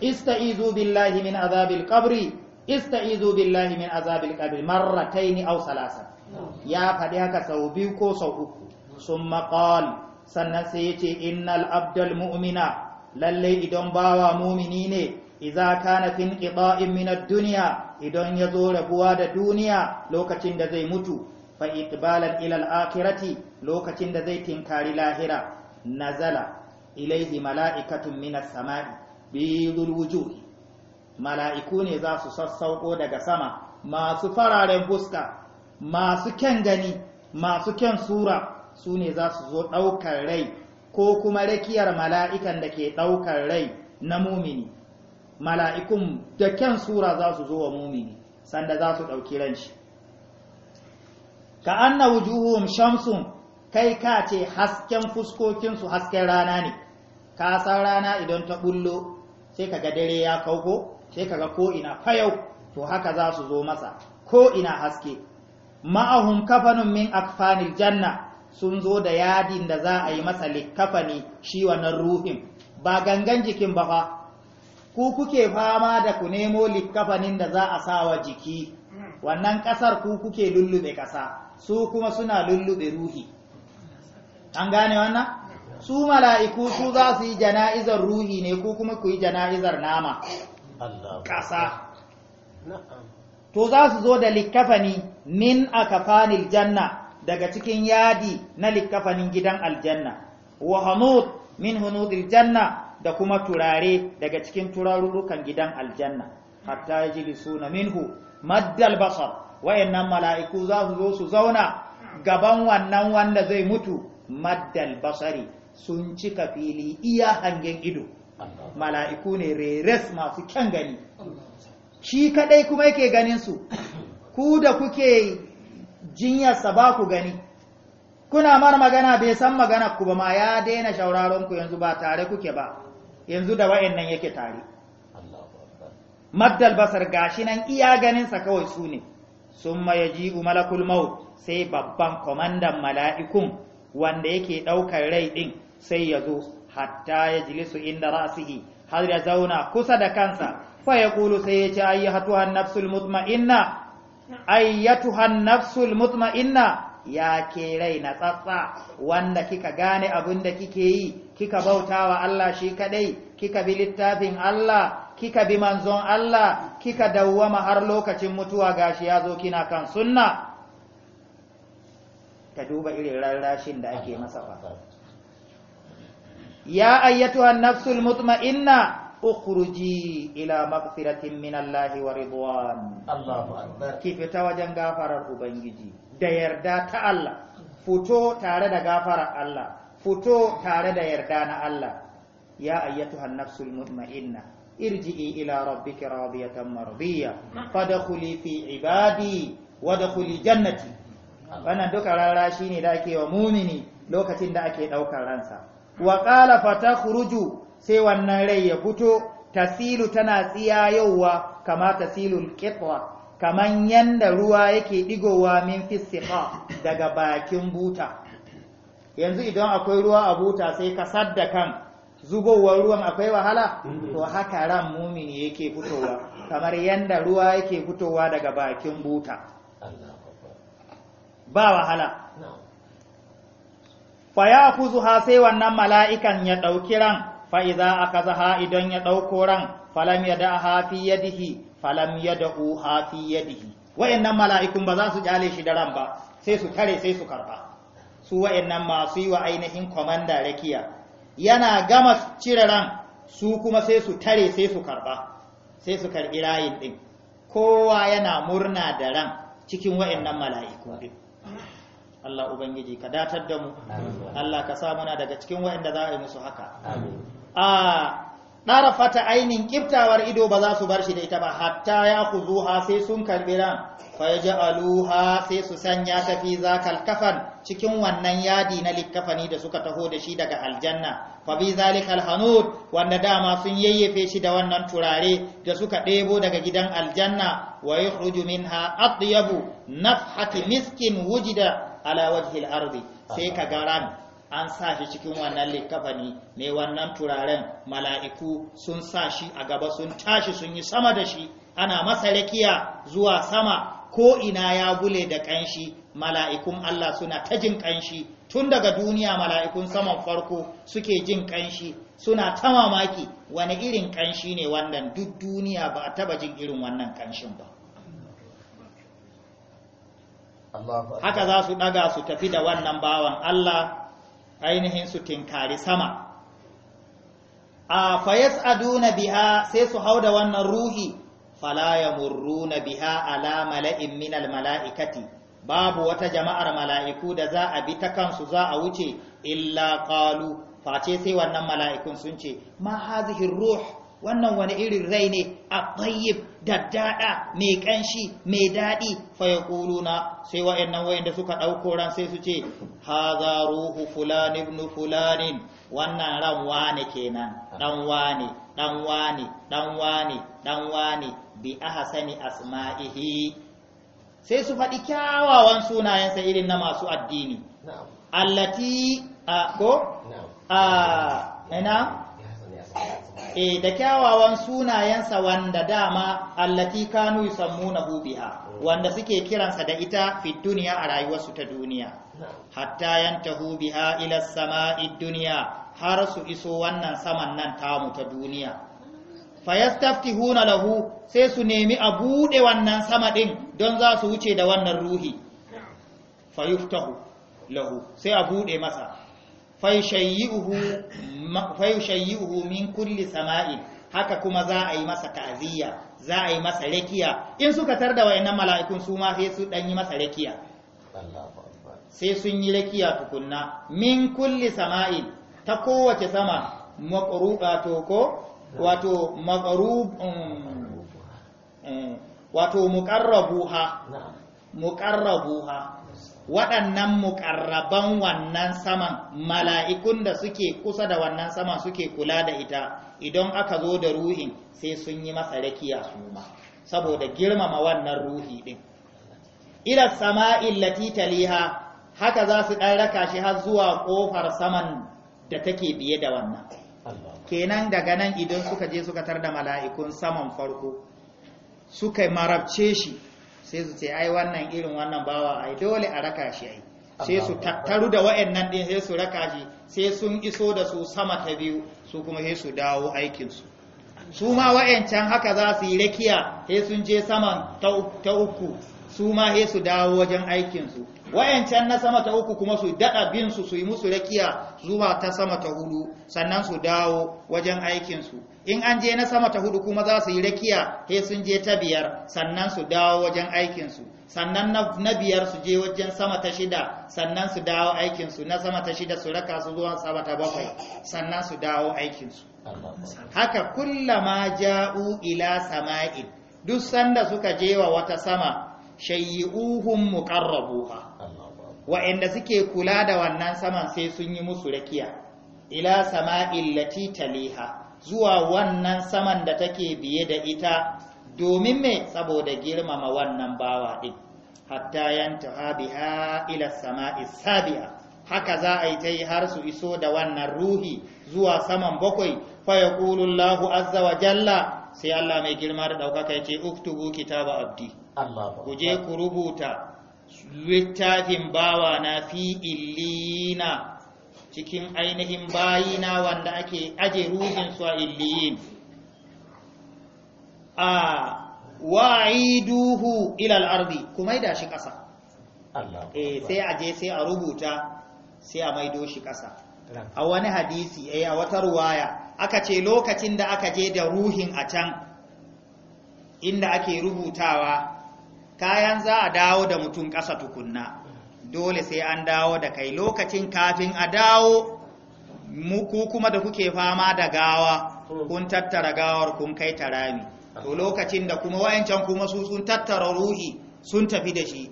ista'izu billahi min azabil qabri ista'izu billahi min azabil qabri marrataini aw salasa ya faɗi haka sau biyu ko sau uku summa qal sannan sai yace innal abdal mu'mina lalle idan bawa mumini ne idza kana fin qida'in min ad-dunya idan yazo rabuwa da duniya lokacin da zai mutu fa iqbalan ila al-akhirati lokacin da zai tinkari lahira nazala ilaihi mala'ikatun as sama'i bidul wujuhi mala'iku ne za su sassauko daga sama masu fararen fuska masu kyan gani masu kyan sura su ne za su zo ɗaukar rai ko kuma rakiyar mala'ikan da ke ɗaukar rai na mumini mala'ikun da kyan sura za su zo wa mumini sanda za su ɗauki ran shi ka anna wujuhum shamsun kai ka ce hasken fuskokinsu hasken rana ne ka san rana idan ta ɓullo? sai kaga dare ya kauko sai kaga ko ina fayau to haka za su zo masa ko'ina haske ma'ahun kafanun min akfanil janna sun zo da yadin da za a yi masa likkafani shi wannan ruhin ba gangan jikin ba fa ku kuke fama da ku nemo likkafanin da za a sa wa jiki wannan kasar ku kuke lullube kasa su kuma suna lullube ruhi an gane wannan su mala'iku su za su yi jana'izar ruhi ne ku kuma ku yi jana'izar nama kasa to za su zo da likkafani min akafanil janna daga cikin yadi na likafanin gidan aljanna wa hanud min hunudil janna da kuma turare daga cikin turarurukan gidan aljanna hatta yajlisuna minhu maddal basar wayannan mala'iku za su zo su zauna gaban wannan wanda zai mutu maddal basari sun cika fili iya hangen ido mala'iku ne reres masu kyan gani shi kadai kuma yake ganin su ku da kuke jinyarsa ba ku gani kuna mar magana bai san magana ku ba ma ya daina shauraron ku yanzu ba tare kuke ba yanzu da nan yake tare maddal basar gashi nan iya ganin sa kawai su ne summa ji malakul maut sai babban kwamandan mala'ikun wanda yake ɗaukar rai ɗin sai ya zo hatta ya jilisu inda rasihi har ya zauna kusa da kansa fa ya kulu sai ya ce ayyuhatuhan nafsul mutma'inna ayyatuhan nafsul mutma'inna ya ke rai na tsatsa wanda kika gane abin da kike yi kika bautawa Allah shi kadai kika bi littafin Allah kika bi manzon Allah kika dawwama har lokacin mutuwa gashi ya kina kan sunna ta duba irin rarrashin da ake masa fa ya ayyatuhan nafsul mutma'inna ukhruji ila maghfiratin min Allah wa ridwan Allahu akbar ki fita wajen gafarar ubangiji da yarda ta Allah fito tare da gafarar Allah fito tare da yarda na Allah ya ayyatuhan nafsul mutma'inna irji'i ila rabbiki radiyatan mardiya fadkhuli fi ibadi wadkhuli jannati wannan duka rara shine da ake wa mumini lokacin da ake daukar ransa wa qala fatakhruju sai wannan rai ya fito tasilu tana tsiya yauwa kama tasilul kitwa kaman yanda ruwa yake digowa min fisqa daga bakin buta yanzu idan akwai ruwa a buta sai ka sadda kan zubowar ruwan akwai wahala to haka ran mumini yake fitowa kamar yanda ruwa yake fitowa daga bakin buta ba wahala fa ya kuzu ha sai wannan mala'ikan ya ɗauki ran fa'iza a zaha idan ya ɗauko ran falam ya da hafi yadihi falam ya da'u hafi yadihi wa'yannan mala'ikun ba za su kyale shi da ran ba sai su tare sai su karba. su wa'yannan masu yi wa ainihin kwamanda rakiya yana gama cire ran su kuma sai su tare sai su sai su karɓi rayin ɗin kowa yana murna da ran cikin wa'yannan mala'iku Allah ubangiji ka datar da mu Allah ka sa mana daga cikin waɗanda za a yi musu haka a ɗara fata ainihin kiftawar ido ba za su bar shi da ita ba hatta ya zuha sai sun karɓi ran fa ya ja'aluha sai su sanya ta fi zakal cikin wannan yadi na likkafani da suka taho da shi daga aljanna fa bi zalikal hanud wanda dama sun yayyafe shi da wannan turare da suka ɗebo daga gidan aljanna wa yukhruju minha atyabu nafhati miskin wujida ala wajhil ardi sai ka ga ran an sa shi cikin wannan likafani mai wannan turaren mala'iku sun sa shi a gaba sun tashi sun yi sama da shi ana masa rakiya zuwa sama ko ina ya gule da kanshi mala'ikun Allah suna ta jin kanshi tun daga duniya mala'ikun saman farko suke jin kanshi suna ta mamaki wani irin kanshi ne wannan duk duniya ba a taba jin irin wannan kanshin ba haka za su ɗaga su tafi da wannan bawan Allah ainihin su tinkari sama a fayas aduna biha sai su hau da wannan ruhi fala ya murruna biha ala mala'in minal mala'ikati babu wata jama'ar mala'iku da za a bi ta kansu za a wuce illa ƙalu. face sai wannan mala'ikun sun ce ma hazihin ruh wannan wani irin rai ne a da daddada mai kanshi mai Faya faya ƙuluna sai wa'in da suka ɗauko ran sai su ce za ruhu fulani ibn fulani, wannan ran wane kenan dan wane dan wane dan wane dan wane bi ahsani asma'ihi sai su faɗi kyawawan sunayensa irin na masu addini allati a ko a ina e da kyawawan sunayensa wanda dama allati kanu yusammunahu biha wanda suke kiransa da ita fi duniya a rayuwarsu ta duniya hatta yantahu biha ila sama'i duniya har su iso wannan saman nan tamu ta duniya fayastaftihuna lahu sai su nemi a bude wannan sama din don za su wuce da wannan ruhi fayuftahu lahu sai a bude masa fayushayyi'uhu min kulli sama'in haka kuma za a yi masa ta'aziyya za a yi masa rakiya in suka tar da wayannan mala'ikun su ma sai su dan yi masa rakiya sai sun yi rakiya tukunna min kulli sama'in ta kowace sama maqruba to ko wato maqrub um, eh, wato muqarrabuha muqarrabuha waɗannan muƙarraban wannan saman mala'ikun da suke kusa da wannan saman suke kula da ita idan aka zo da ruhin sai sun yi masa rakiya su ma saboda girmama wannan ruhi ɗin ila sama'il latitaliha taliha haka za su ɗan raka shi har zuwa ƙofar saman da take biye da wannan kenan daga nan idan suka je suka tar da mala'ikun saman farko suka marabce shi sai su ce ai wannan irin wannan bawa ai dole a raka shi ai sai su tattaru da wa'annan din sai su raka shi sai sun iso da su sama ta biyu su kuma sai su dawo aikinsu su ma wa'ancan haka za su yi rakiya sai sun je saman ta uku su ma sai su dawo wajen aikinsu wayancan na sama ta uku kuma su daɗa bin su su yi musu rakiya zuwa ta sama ta hudu sannan su dawo wajen aikinsu in an je na sama ta hudu kuma za su yi rakiya he sun je ta biyar sannan su dawo wajen aikinsu sannan na biyar su je wajen sama ta shida sannan su dawo aikinsu na sama ta shida su raka su zuwa sama ta bakwai sannan su dawo aikinsu haka kullama ja'u ila sama'in duk sanda suka je wa wata sama shayyi'uhum muqarrabuha wa'anda suke kula da wannan saman sai sun yi musu rakiya ila sama'il lati taliha zuwa wannan saman da take biye da ita domin me saboda girmama wannan bawa din hatta yantaha biha ila sama'is sabi'a haka za a yi ta yi har su iso da wannan ruhi zuwa saman bakwai fa yaqulu Allahu azza wa jalla sai Allah mai girma da ɗaukaka ya ce uktubu kitaba abdi ku je ku rubuta littafin bawa na fi illina cikin ainihin bayina wanda ake aje ruhin su a illiyin a wa'iduhu ilal ardi kuma da shi ƙasa eh, sai a je sai a rubuta sai a maido shi ƙasa a wani hadisi eh a wata ruwaya aka ce lokacin da aka je da ruhin a can inda ake rubutawa kayan za a dawo da mutum ƙasa tukunna dole sai an dawo da kai lokacin kafin a dawo muku kuma da kuke fama da gawa kun tattara gawar kun kai ta rami to lokacin da kuma wayancan kuma su sun tattara ruhi sun tafi da shi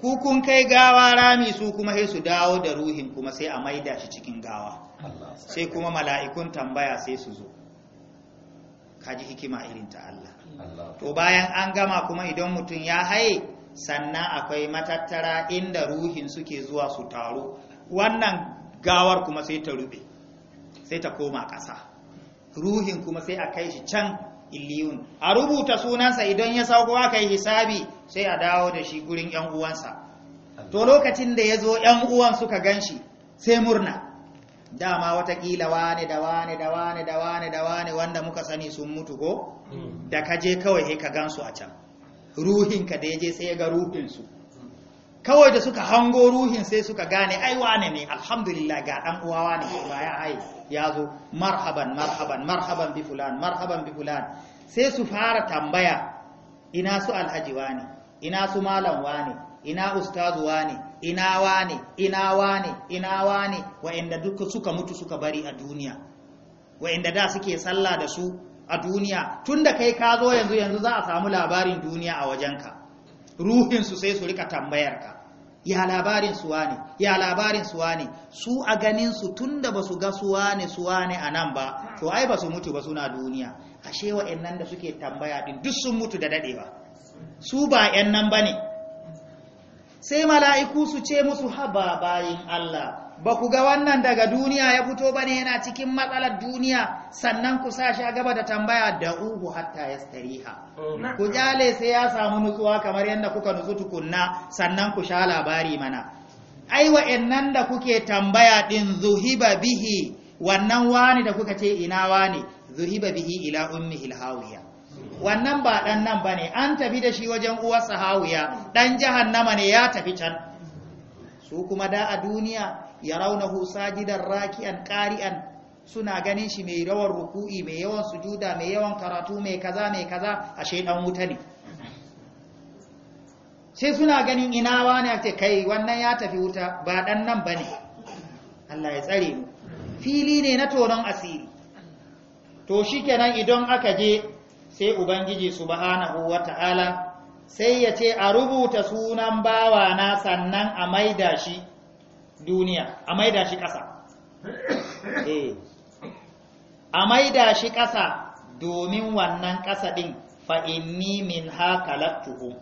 ku kun kai gawa rami su kuma sai su dawo da ruhin kuma sai a maida shi cikin gawa sai kuma mala'ikun tambaya sai su zo aji hikima irin ta Allah to bayan an gama kuma idan mutum ya haye sannan akwai matattara inda ruhin suke zuwa su taro wannan gawar kuma sai ta rube sai ta koma ƙasa ruhin kuma sai a kai shi can iliyun a rubuta sunansa idan ya sauko aka yi hisabi sai a dawo da shi gurin yan uwansa to lokacin da ya zo yan uwan suka gan shi sai murna dama watakila wane da wane da wane da wane da wane wanda muka sani sun mutu ko da ka je kawai he ka gansu a can ruhinka da ya je sai ga ruhinsu kawai da suka hango ruhin sai suka gane ai wane ne alhamdulillah ga dan uwa wane ba ya ai ya zo marhaban marhaban marhaban bi fulan marhaban bi fulan sai su fara tambaya ina su alhaji wane ina su malam wane ina ustazu wane inawa ne inawa ne inawa ne wa'inda duka suka mutu suka bari a duniya wa'inda da suke sallah da su a duniya tunda kai ka zo yanzu yanzu za a samu labarin duniya a wajenka ruhinsu sai su rika tambayarka ya labarin suwa ne ya labarin suwa ne su a ganin su ba su ga suwa ne suwa ne a nan ba to ai ba su mutu ba suna duniya ashe wa'annan da suke tambaya din duk sun mutu da dadewa su ba yan nan bane sai mala'iku su ce musu haba bayin Allah ba ku ga wannan daga duniya ya fito ba ne yana cikin matsalar duniya sannan ku sa shi gaba da tambaya da uhu hatta ya ha mm. ku jale sai ya samu nutsuwa kamar yadda kuka nutsu tukunna sannan ku sha labari mana ai nan da kuke tambaya ɗin zuhiba bihi wannan wani da kuka ce ina wani zuhiba bihi ila ummi hilhawiya wannan ba dan nan bane an tafi da shi wajen uwarsa Ɗan dan jahannama ne ya tafi can su kuma da a duniya ya rauna husa sajidan raki'an qari'an suna ganin shi mai rawar ruku'i mai yawan sujuda mai yawan karatu mai kaza mai kaza ashe dan wuta ne sai suna ganin ina wani ce kai wannan ya tafi wuta ba dan nan bane Allah ya tsare mu fili ne na toron asiri to shikenan idan aka je sai ubangiji subhanahu wata'ala sai ya ce a rubuta sunan bawana sannan a maida shi duniya a maida shi ƙasa eh, a maida shi ƙasa domin wannan ƙasa ɗin fa'inni min haka lattuhu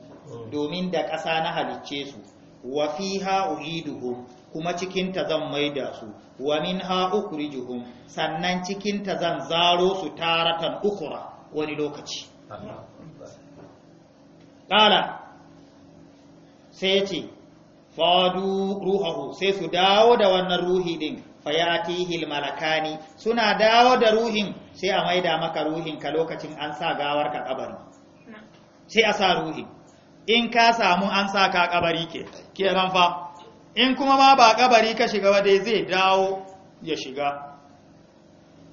domin da ƙasa na halicce su wa fi ha'uhiduhu kuma cikinta zan maida su wa min ha'ukurijuhu sannan cikinta zan zaro su taratan ukura wani lokaci ƙala sai ya ce fadu ruhahu sai su dawo da wannan ruhi din fayatihil malakani suna dawo da ruhin sai a maida maka ruhin ka lokacin an sa gawar ka kabari sai a sa ruhin in ka samu an sa ka kabari ke ke fa in kuma ma ba kabari ka shiga ba dai zai dawo ya shiga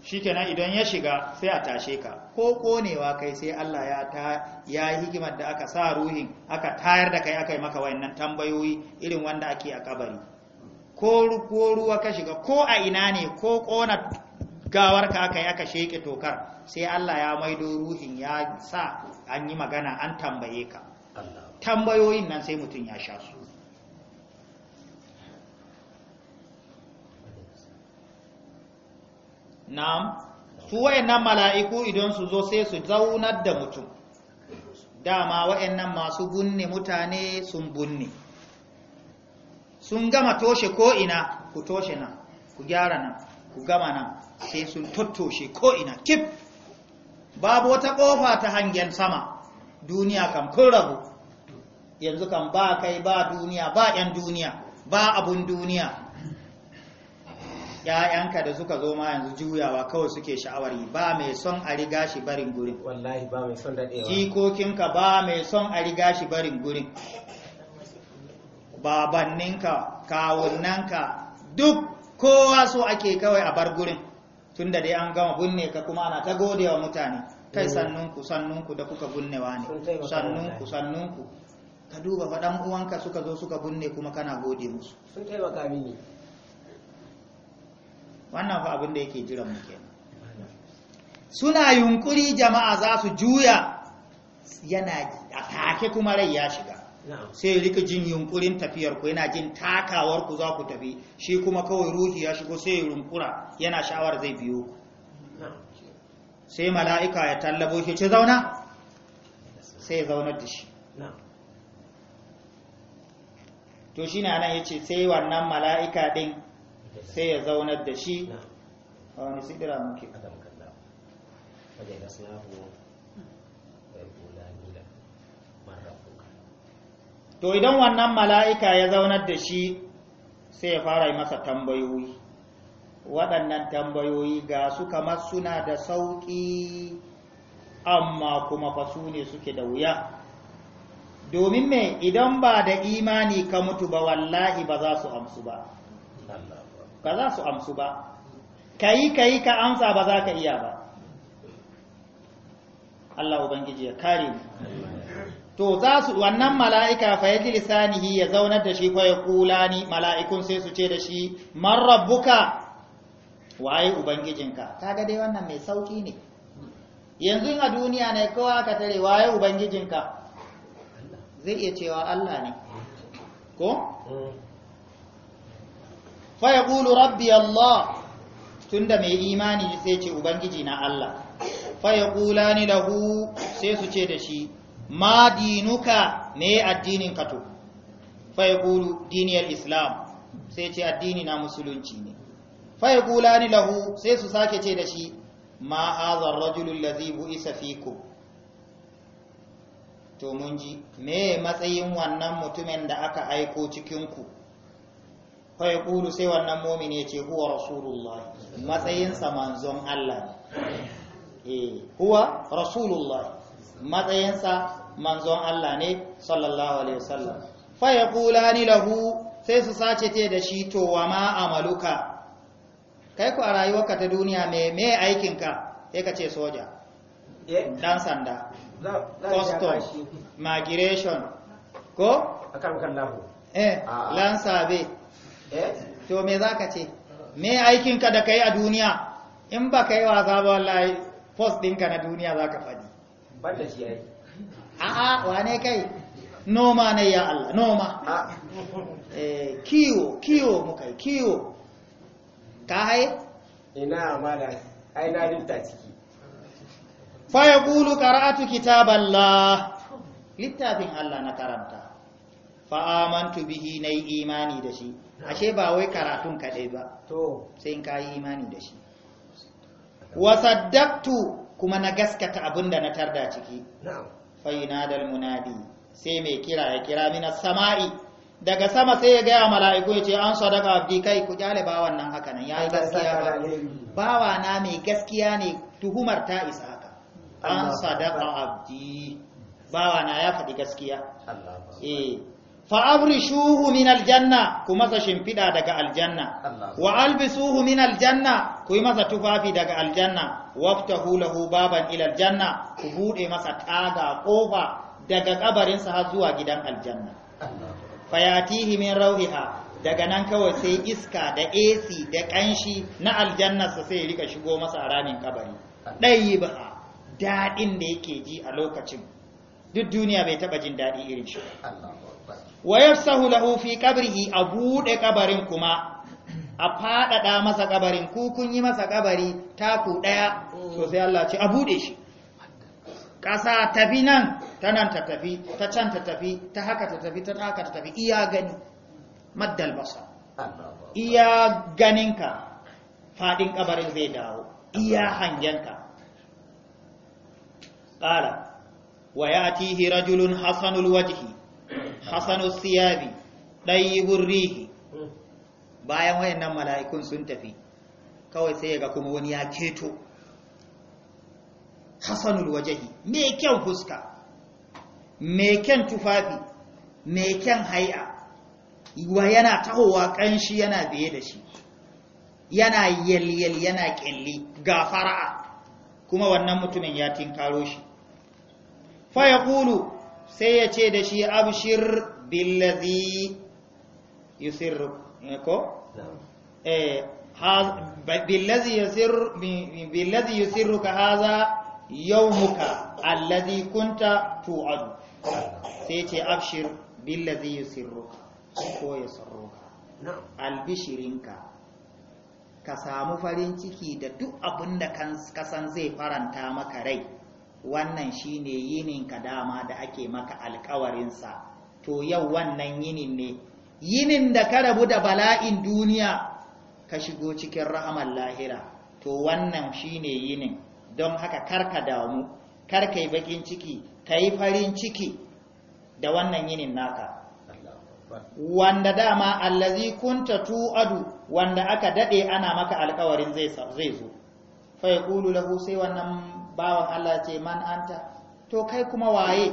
shi kenan idan ya shiga sai a tashe ka ko konewa kai sai Allah ya ta ya hikimar da aka sa ruhin aka tayar da kai aka yi maka wayannan tambayoyi irin wanda ake a kabari ko ruwa ka shiga ko a ina ne ko kona gawar ka aka yi aka sheke tokar sai Allah ya maido ruhin ya sa an yi magana an tambaye ka tambayoyin nan sai mutum ya sha su na'am su wayannan mala'iku idan su zo sai su zaunar da mutum dama wayannan masu bunne mutane sun bunne sun gama toshe ko ina ku toshe nan ku gyara nan ku gama nan sai sun tottoshe ko ina kif babu wata kofa ta hangen sama duniya kan kun rabu yanzu kan ba kai ba duniya ba 'yan duniya ba abun duniya ‘ya'yanka da suka zo ma yanzu juyawa kawai suke sha'awari ba mai son a riga shi barin gurin wallahi ba mai son daɗewa jikokinka ba mai son a riga shi barin gurin babanninka kawunanka duk kowa so ake kawai a bar gurin tun da dai an gama binne ka kuma ana ta gode wa mutane kai mm. sannunku sannunku da kuka binnewa ne sannunku sannunku ka duba faɗan uwanka suka zo suka binne kuma kana gode musu sun taimaka mini wannan fa abin da yake jiran mu kenan suna yunkuri jama'a za su juya yana a kuma rai ya shiga sai rika jin yunkurin tafiyar ku yana jin takawar ku za ku tafi shi kuma kawai ruhi ya shigo sai runkura yana sha'awar zai biyo ku sai mala'ika ya tallabo shi ce zauna sai zaunar da shi to shi na nan yace sai wannan mala'ika ɗin sai ya zaunar da shi a wani sigira muke to idan wannan mala'ika ya zaunar da shi sai ya fara yi masa tambayoyi waɗannan tambayoyi ga su kamar suna da sauƙi amma kuma fasu ne suke da wuya domin me idan ba da imani ka mutu ba wallahi ba za su amsu ba ba za su amsu ba Ka yi ka yi ka amsa ba za ka iya ba Allah ubangiji ya kare mu to za su wannan mala'ika fa yaji lisanihi ya zaunar da shi kwaye kulani mala'ikun sai su ce da shi man rabbuka waye ubangijinka ta dai wannan mai sauki ne yanzu a duniya ne kowa ka tare waye ubangijinka zai iya cewa Allah ne ko mm. fa ya ƙulu rabbi Allah tun da mai imani sai ce ubangiji na Allah fa ya ni lahu sai su ce da shi ma dinuka me addinin ka Fa ya ƙulu diniyar islam sai ce addini na musulunci ne fa ya ni lahu sai su sake ce da shi ma hadha ar lazibu isa bu'isa to mun ji me matsayin wannan mutumin da aka aiko cikin ku fa ya ƙulu sai wannan momin ya ce huwa rasulullah matsayinsa manzon Allah ne eh, huwa rasulullah matsayinsa manzon Allah ne sallallahu alaihi wasallam fa ya ni lahu sai su sace te da shi to wa ma amaluka kai ku a rayuwarka ta duniya me me aikinka sai ka ce soja eh. dan sanda custom migration ko akan kan lahu eh sabe Eh? to me za ka ce me aikinka da ka yi a duniya in ba ka yi wasa ba wallahi post ɗinka na duniya za ka faɗi banda shi ai a'a wane kai noma ne ya Allah noma eh kiwo kiwo muka kiwo ka haye ina amana ai na rinta ciki fa ya yaqulu qara'atu kitaballah littafin Allah na karanta fa amantu bihi nai imani da shi ashe ba wai karatun kaɗai ba to sai in kayi imani da shi wa kuma na gaskata da na tarda ciki fa yunadal munadi sai mai kira ya kira mina sama'i daga sama sai ya gaya mala'iku ya ce an sadaka abdi kai ku kyale bawan nan haka nan yi gaskiya ba bawa na mai gaskiya ne tuhumar ta isa haka an sadaka abdi bawa na ya faɗi gaskiya eh Fa shuhu min aljanna ku masa shimfiɗa daga aljanna wa albisuhu min aljanna ku yi masa tufafi daga aljanna waftahu lahu baban ila aljanna ku bude masa taga ƙofa daga ƙabarinsa har zuwa gidan aljanna yatihi min rawhiha daga nan kawai sai iska da AC da ƙanshi na aljanna aljannarsa sai ya rika shigo masa a kabari ɗayi ba daɗin da yake ji a lokacin duk duniya bai taɓa jin daɗi irin shi wa yafsahu lahu fi qabrihi a bude kabarin kuma a faɗaɗa masa kabarin ku kun yi masa kabari taku ɗaya to sai Allah ce a bude shi ƙasa tafi nan ta nan ta tafi ta can ta tafi ta haka ta tafi ta haka ta tafi iya gani maddal basa iya ganinka faɗin kabarin zai dawo iya hangenka ƙala wa ya tihi rajulun hasanul wajhi hasanu siyabi ɗayyibun rihi bayan wayannan mala'ikun sun tafi kawai sai ga kuma wani ya keto hasanul wajahi mai kyan fuska mai kyan tufafi mai kyan hai'a wa yana tahowa ƙanshi, yana biye da shi yana yalyal yana ƙyalli, ga fara'a kuma wannan mutumin ya tinkaro shi fa ya sai ya ce da shi abshir billazi yusir eh, ko eh billazi yusir billazi yusiruka haza yawmuka allazi kunta tu'ad sai ce abshir billazi yusirruka ko na'am albishirinka ka samu farin ciki da duk abin da ka san zai faranta maka rai wannan shine yinin ka dama da ake maka alkawarinsa to yau wannan yinin ne yinin da ka rabu da bala'in duniya ka shigo cikin rahamar lahira to wannan shi ne yinin don haka karka damu karka yi bakin ciki ka yi farin ciki da wannan yinin naka wanda dama allazi kunta tu'adu wanda aka daɗe ana maka alkawarin zai zo fa Kulu lahu sai wannan bawan Allah ce man anta to kai kuma waye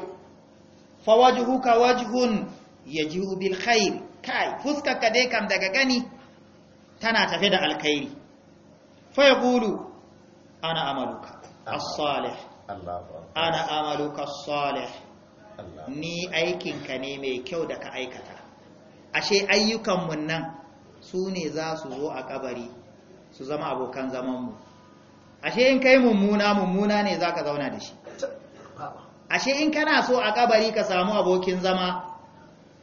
fa wajhuka wajhun yaji'u bil khair kai ka dai kam daga gani tana tafe da alkhairi fa yaqulu ana amaluka as-salih ana amaluka as-salih ni aikinka ne mai kyau da ka aikata ashe ayyukanmu nan su ne za su zo a kabari su zama abokan zaman mu ashe in kai mummuna mummuna ne zaka zauna da shi ashe in kana so a kabari ka samu abokin zama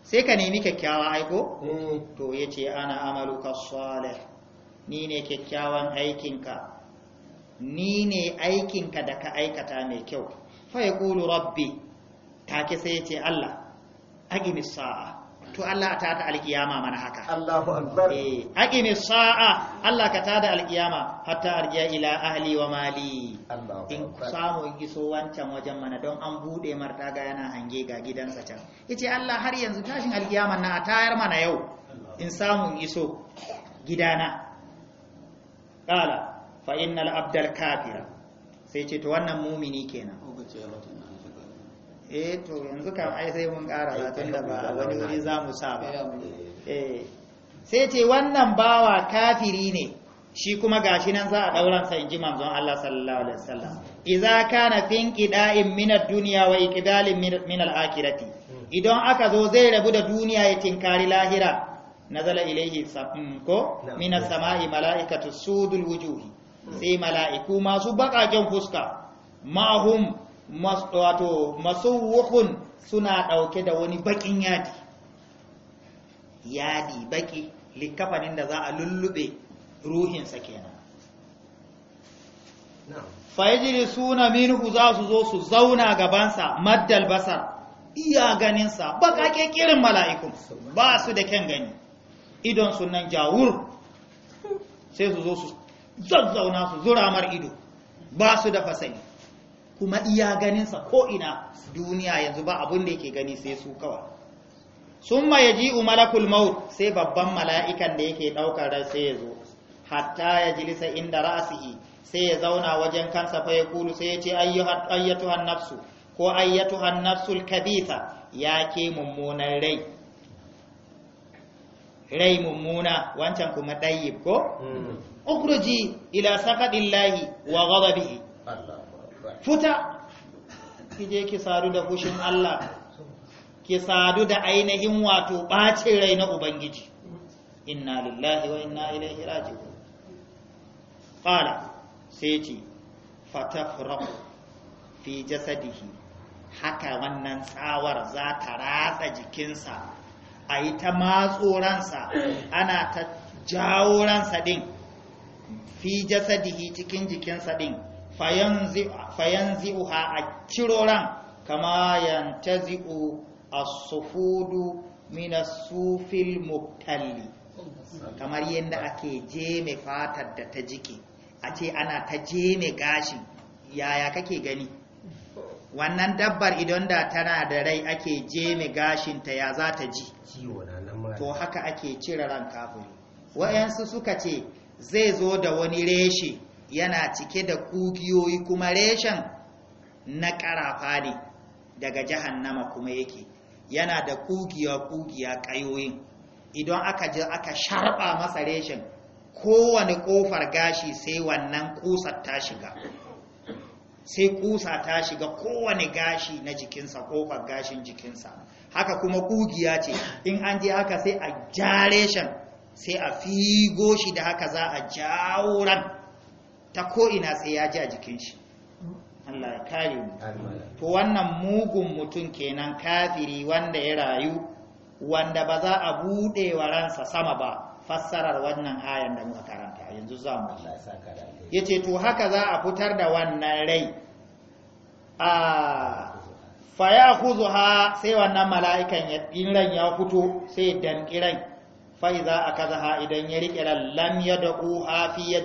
sai ka nemi kyakkyawa aiko eh. to yace ana amaluka salih ni ne kyakkyawan aikinka ni ne aikinka da ka aikata mai kyau fa yaqulu rabbi take sai yace Allah aqimis a. to Allah ta ta alkiyama mana haka Allahu akbar eh aqimi sa'a Allah ka ta da alkiyama hatta arjiya ila ahli wa mali in samu iso wancan wajen mana don an bude marta ga yana hange ga gidansa can yace Allah har yanzu tashin alkiyama na a tayar mana yau in samu iso gidana qala fa innal abdal kafira sai ce to wannan mumini kenan eh to yanzu kam ai sai mun ƙara tun da ba wani wuri za mu sa ba eh sai ce wannan bawa kafiri ne shi kuma gashi nan za a ɗauran sa inji manzon Allah sallallahu alaihi wasallam idza kana fin qida'in min ad-dunya wa iqbalin min al-akhirati hmm. idan aka zo zai rabu da duniya ya tinkari lahira nazala ilaihi sabun hmm, ko min as-sama'i mala'ikatu sudul wujuhi hmm. sai mala'iku masu baƙaƙen fuska mahum wato masuwuhun suna ɗauke da wani bakin yadi yadi baki likafanin da za a lullube ruhinsa kenan fayajiri suna minhu za su zo su zauna gabansa maddal basar iya ganinsa baka kirin mala'ikun ba su da kyan gani idon sunan jawur sai su zo su zazzauna su mar ido ba su da fasali kuma iya ganinsa ina duniya yanzu ba abun da yake gani sai su kawai sun ma ya ji umarakul maut sai babban mala'ikan da yake ɗaukar rai sai ya zo hatta ya jilisa inda ra'asihi sai ya zauna wajen kansa fa ya kulu sai ya ce ayyatuhan nafsu ko ayyatuhan nafsul kabita ya ke mummunan rai rai mummuna wancan kuma ɗayyib ko? Hmm. ukruji ila sakadillahi wa ghadabihi futa kije ki sadu da fushin Allah ki sadu da ainihin wato ɓace rai na ubangiji inna lillahi wa inna ilaihi raji'un qala sai ce fi jasadihi haka wannan tsawar za ta ratsa jikinsa a yi ta matso ana ta jawo ransa din fi jasadihi cikin jikinsa din fayanzi'uha a ciro ran kama yantazi'u as-sufudu min as-sufil muktalli kamar yadda ake jeme fatar da ta jike a ce ana ta jeme gashin yaya kake gani wannan dabbar idan da tana da rai ake jeme gashinta ya za ta ji to haka ake cire ran kafuri, wa'yansu suka ce zai zo da wani reshe yana cike da kugiyoyi kuma reshen na ƙarafa ne daga jahannama kuma yake yana da kugiya-kugiya kayoyin idan aka je aka sharɓa masa reshen kowane ƙofar gashi sai wannan kusa ta shiga sai kusa ta shiga kowane gashi na jikinsa ƙofar gashin jikinsa haka kuma kugiya ce in an je haka sai a ja reshen sai a figo shi da haka za a jawo ran ta ko'ina sai ya ji a jikin shi Allah ya kare mu to wannan mugun mutum kenan kafiri wanda ya rayu wanda ba za a buɗe wa ransa sama ba fassarar wannan ayan da muka karanta yanzu za mu ya ce to haka za a fitar da wannan rai a faya kuzu ha sai wannan mala'ikan ya ran ya fito sai dan rai faiza a kaza ha idan ya riƙe lallam ya da ƙuha fi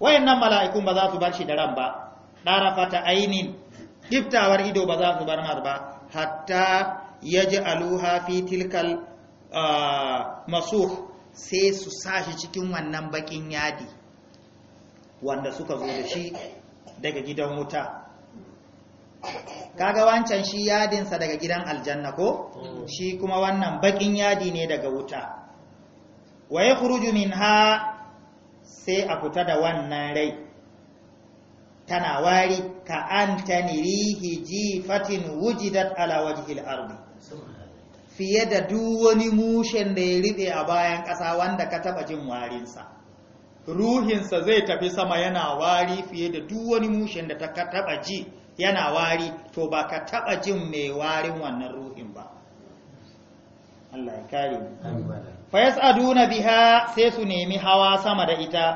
wayan nan mala'ikun ba za su bar shi da ran ba ɗara fata ainin ɗiftawar ido ba za su bar mar ba hatta ya ji aluha fi tilkal masu sai su sa shi cikin wannan bakin yadi wanda suka zo da shi daga gidan wuta kaga wancan shi yadinsa daga gidan aljanna ko shi kuma wannan bakin yadi ne daga wuta wa ya min ha sai a fita da wannan rai tana wari ka an ta nirihi jifatin wujidat ala wajhil ardi fiye da duk wani mushen da ya riɗe a bayan ƙasa wanda ka taɓa jin warinsa ruhinsa zai tafi sama yana wari fiye da duwani mushen da ta ka taɓa ji yana wari to ba ka taɓa jin mai warin wannan ruhin ba Allah ya kare mu fa yas'aduna biha sai su nemi hawa sama da ita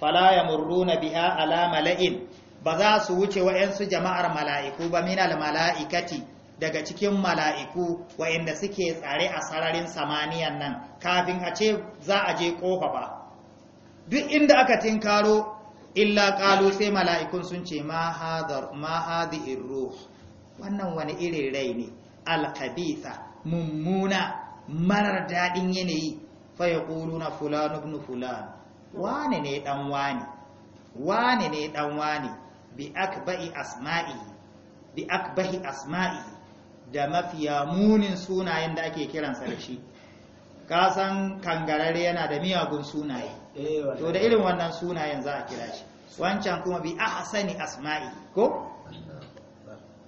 fala yamurruna biha ala mala'in ba za su wuce wa'yansu jama'ar mala'iku ba minal mala'ikati daga cikin mala'iku wa'inda suke tsare a sararin samaniyan nan kafin a ce za a je ƙofa ba duk inda aka tinkaro illa kalu sai mala'ikun sun ce mahadi irruh wannan wani irin rai ne alkabitha mummuna marar daɗin yanayi fa ya na fulano ibn fulano wane ne ɗan wane wane ne ɗan wane bi bai asma'i akbahi asma'i da mafiya munin sunayen da ake kiransa da shi kasan kangarare yana da miyagun sunaye eh, to da irin wannan sunayen za a kira shi wancan kuma bi ahsani asma'i ko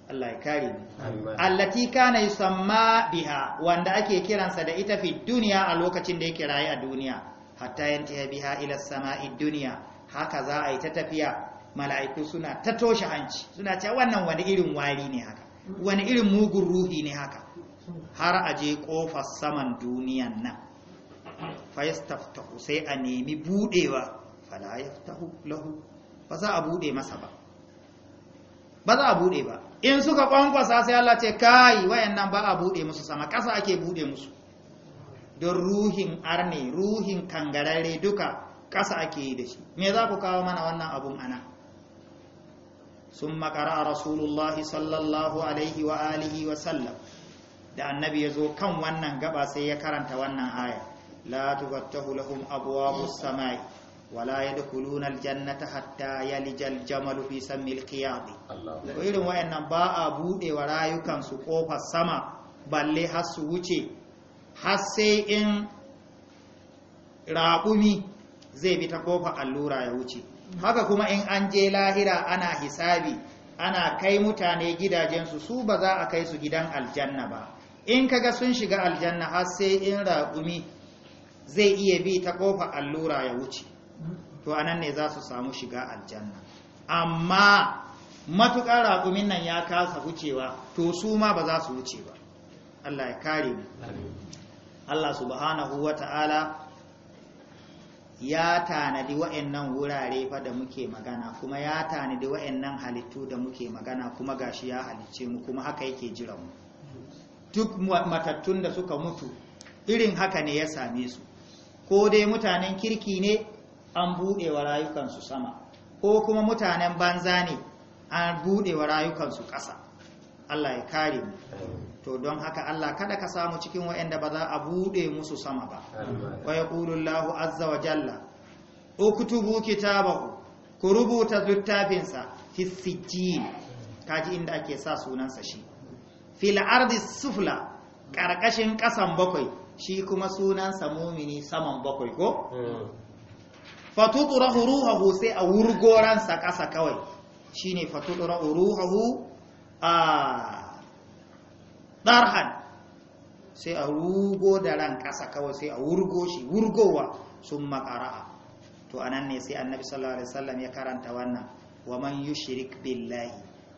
Allah ya kare mu allati kana yusamma biha wanda ake kiransa da ita fi duniya a lokacin da yake raye a duniya hatta yantahi biha ila sama'i duniya haka za a yi ta tafiya mala'iku suna ta toshe hanci suna cewa wannan wani irin wari ne haka wani irin mugun ruhi ne haka har a je kofar saman duniyan nan fa yastaftahu sai a nemi budewa fala yaftahu lahu ba za a bude masa ba ba za a bude ba in suka kwankwasa sai Allah ce kai wayannan ba a bude musu sama kasa ake bude musu don ruhin arne ruhin kangararre duka ƙasa ake yi da shi me za ku kawo mana wannan abun ana sun makara a rasulullahi sallallahu alaihi wa alihi wa sallam da annabi ya zo kan wannan gaba sai ya karanta wannan aya la tubattahu lahum abwaabus samai wala yadkhuluna aljannata hatta yalijal jamalu fi sammil qiyadi irin wayannan ba a bude wa rayukan kofar sama balle har su wuce har sai in raƙumi zai bi ta kofar allura ya wuce haka kuma in an je lahira ana hisabi ana kai mutane gidajensu su ba za a kai su gidan aljanna ba in kaga sun shiga aljanna har sai in raƙumi zai iya bi ta kofar allura ya wuce to anan ne za su samu shiga aljanna amma matuƙar raƙumin nan ya kasa wucewa to su ma ba za su wuce ba Allah ya kare mu Allah subhanahu wata'ala ya tanadi wa'annan wurare fa da muke magana kuma ya tanadi wa'annan halittu da muke magana kuma ga shi ya halicce mu kuma haka yake jiran mu duk matattun da suka mutu irin haka ne ya same su ko dai mutanen kirki ne an buɗe wa rayukansu sama ko kuma mutanen banza ne an buɗe wa rayukansu ƙasa Allah ya kare mu to don haka Allah kada ka samu cikin waɗanda ba za a buɗe musu sama ba wa yaqulullahu azza wa jalla uktubu kitabahu ku rubuta littafinsa fi sijjin kaji inda ake sa sunansa shi fil ardi sufla karkashin kasan bakwai shi kuma sunansa mumini saman bakwai ko fatutura ruhahu sai a wurgoransa ƙasa kawai shi ne fatutura ruhahu a ɗarhan sai a rugo da ran ƙasa kawai sai a wurgo shi wurgowa sun makara'a to anan ne sai annabi sallallahu alaihi wasallam ya karanta wannan wa man yushrik billahi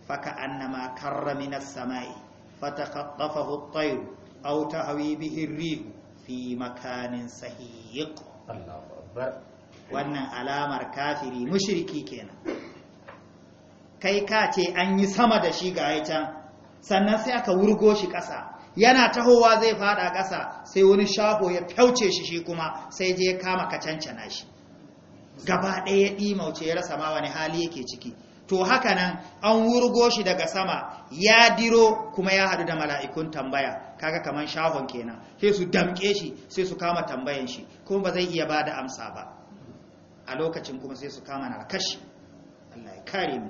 faka annama karra minas samai fataqaffahu at-tayr aw tahwi bihi ar-rih fi makanin sahiq Allahu akbar wannan alamar kafiri mushriki kenan kai ka ce an yi sama da shi ga can sannan sai aka wurgo shi ƙasa yana tahowa zai fada ƙasa sai wani shaho ya fyauce shi shi kuma sai je kama ka cancana shi gaba ɗaya ya ɗimauce ya rasa ma wani hali yake ciki to haka nan an wurgo shi daga sama ya diro kuma ya haɗu da mala'ikun tambaya kaga kamar shahon kenan sai su damƙe shi sai su kama tambayan shi kuma ba zai iya ba da amsa ba a lokacin kuma sai su kama kashi Allah ya kare mu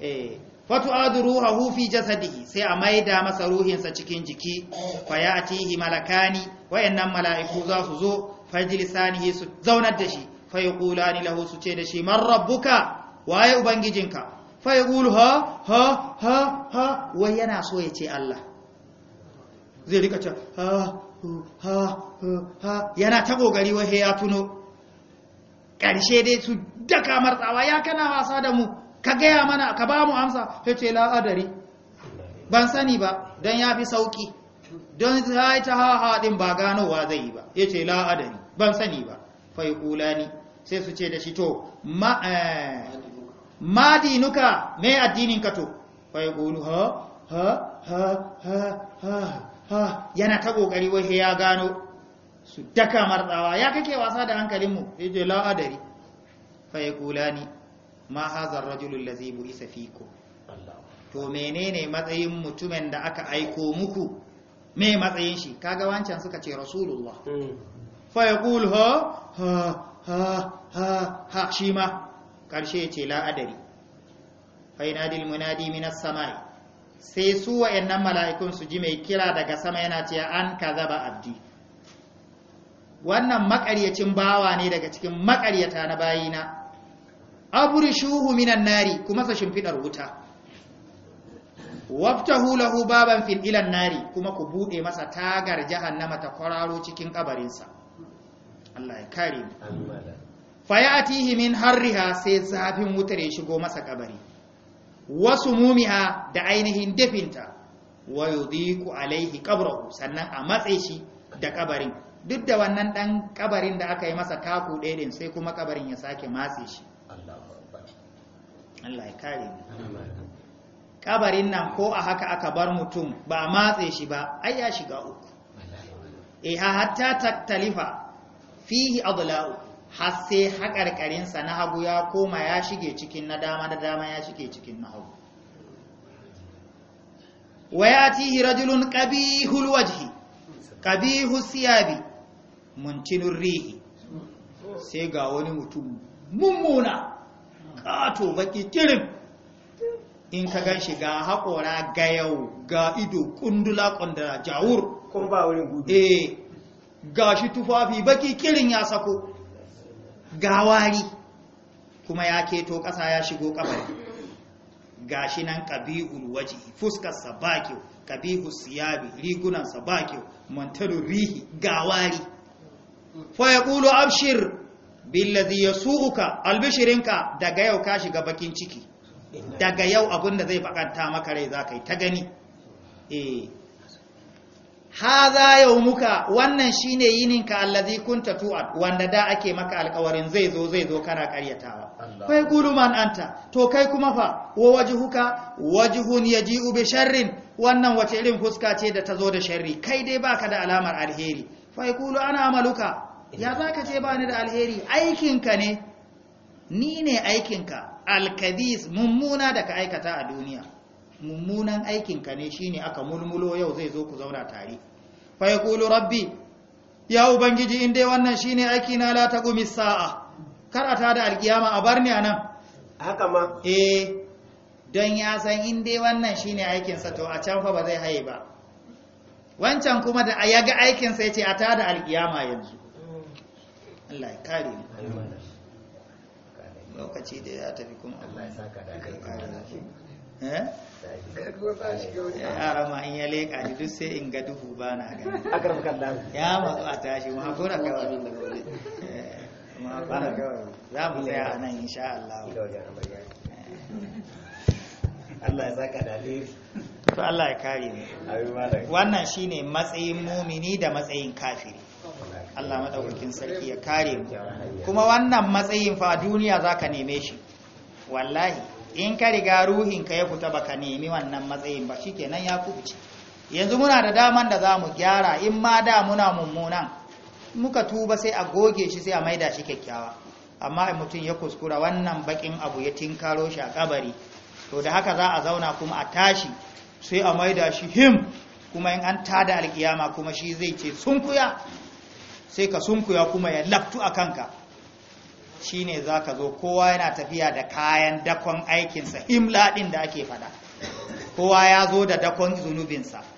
eh fatu'adu ruhahu fi jasadihi sai a maida masa ruhinsa cikin jiki Fa fayatihi malakani wayannan mala'iku za su zo jilisanihi su zaunar da shi ni lahu su ce da shi man rabbuka waye ubangijinka fayqulu ha ha ha ha wai yana so ya ce Allah zai rika ce ha ha ha yana ta kokari wai ya tuno ƙarshe dai su daga martsawa ya kana wasa da mu ka gaya mana ka ba mu amsa ta ce la'adari ban sani ba don ya fi sauƙi don yi ta haha ɗin ba ganowa zai yi ba ya ce la'adari ban sani ba fai ni sai su ce da shi to madinuka eh, me addinin ka to fai ƙulu ha ha ha ha ha yana ta ƙoƙari wai ya gano su daka martsawa ya kake wasa da hankalinmu ya je la'adari fa ya kula ni ma hazar rajulun lazi bu isa to menene matsayin mutumin da aka aiko muku me matsayin shi kaga wancan suka ce rasulullah hmm. fa ya kul ha ha ha ha shi ma ƙarshe ya ce la'adari fa na munadi minas sama'i sai su nan mala'ikun su ji mai kira daga sama yana ce an zaba abdi wannan makaryacin bawa ne daga cikin makaryata na bayina shuhu minan nari kuma sa shimfidar wuta waftahu lahu baban fil ilan nari kuma ku bude masa tagar jahannama ta kwararo cikin ƙabarinsa. Allah ya kare mu fayatihi min harriha sai zafin wutar ya shigo masa kabari wasu mumiha da ainihin dafinta wa alaihi ƙabra'u sannan a matse shi da kabarin duk da wannan ɗan ƙabarin da aka yi masa taku ɗaya sai kuma ƙabarin ya sake matse shi Allah ya kare ne ƙabarin nan ko a haka aka bar mutum ba matse shi ba ai ya shiga uku eh hatta taktalifa fihi adla'u har sai haƙarƙarinsa na hagu ya koma ya shige cikin na dama da dama ya shige cikin na hagu wa tihi rajulun ƙabihul wajhi ƙabihul siyabi muntinun rihi sai ga wani mutum mummuna ƙato baki kirin in ka gan shi ga haƙora ga yau ga ido ƙundula ƙundula jawur eh, ga shi tufafi baki kirin ya sako ga wari kuma ya keto ƙasa ya shigo ƙabari ga shi nan ƙabi'ul waje fuskarsa ba kyau ƙabi'ul siyabi rigunan ba kyau rihi ga wari fa yaqulu abshir billazi yasuuka albishirinka daga yau ka shiga bakin ciki daga yau abinda zai bakanta maka rai zaka yi ta gani eh haza muka wannan shine yininka allazi kunta tu'ad wanda da ake maka alkawarin zai zo zai zo kana ƙaryatawa kai man anta to kai kuma fa wa wajhuka wajhun yaji'u bi sharrin wannan wace irin fuska ce da tazo da sharri kai dai baka da alamar alheri Faikulu ana amaluka ya zaka ce ba da alheri aikinka ne ni ne aikinka alkadis mummuna da ka aikata a duniya mummunan aikinka ne shine aka mulmulo yau zai zo ku zauna tare Faikulu rabbi ya ubangiji in dai wannan shine aiki na la gumi sa'a karata da alkiyama a barni ni haka ma eh don ya san in dai wannan shine aikinsa to a can fa ba zai haye ba wancan kuma da ya ga aikinsa ya ce a ta da alkiyama yanzu Allah ya kare lokaci da ya tafi kuma Allah ya saka da kai kare eh? yara ma in ya leƙa ni duk sai in ga duhu ba na gani ya matsu a tashi mu da gobe eh, mu haƙura kawai za mu tsaya a nan insha Allah Allah ya saka da alheri to Allah ya kare ne wannan shine matsayin mumini da matsayin kafiri Allah madaukakin sarki ya kare mu kuma wannan matsayin fa duniya zaka neme shi wallahi in ka riga ruhin ka ya fita baka nemi wannan matsayin ba shikenan ya kubuce yanzu muna da daman da zamu gyara in ma da muna mummunan muka tuba sai a goge shi sai a maida shi kyakkyawa amma in mutum ya kuskura wannan bakin abu ya tinkaro shi a kabari to da haka za a zauna kuma a tashi sai a maida shi him kuma in an tada alkiyama kuma shi zai ce sunkuya sai ka sunkuya kuma ya laftu a kanka shi ne za ka zo kowa yana tafiya da kayan dakon aikinsa himla ɗin da ake fada kowa ya zo da dakon zunubinsa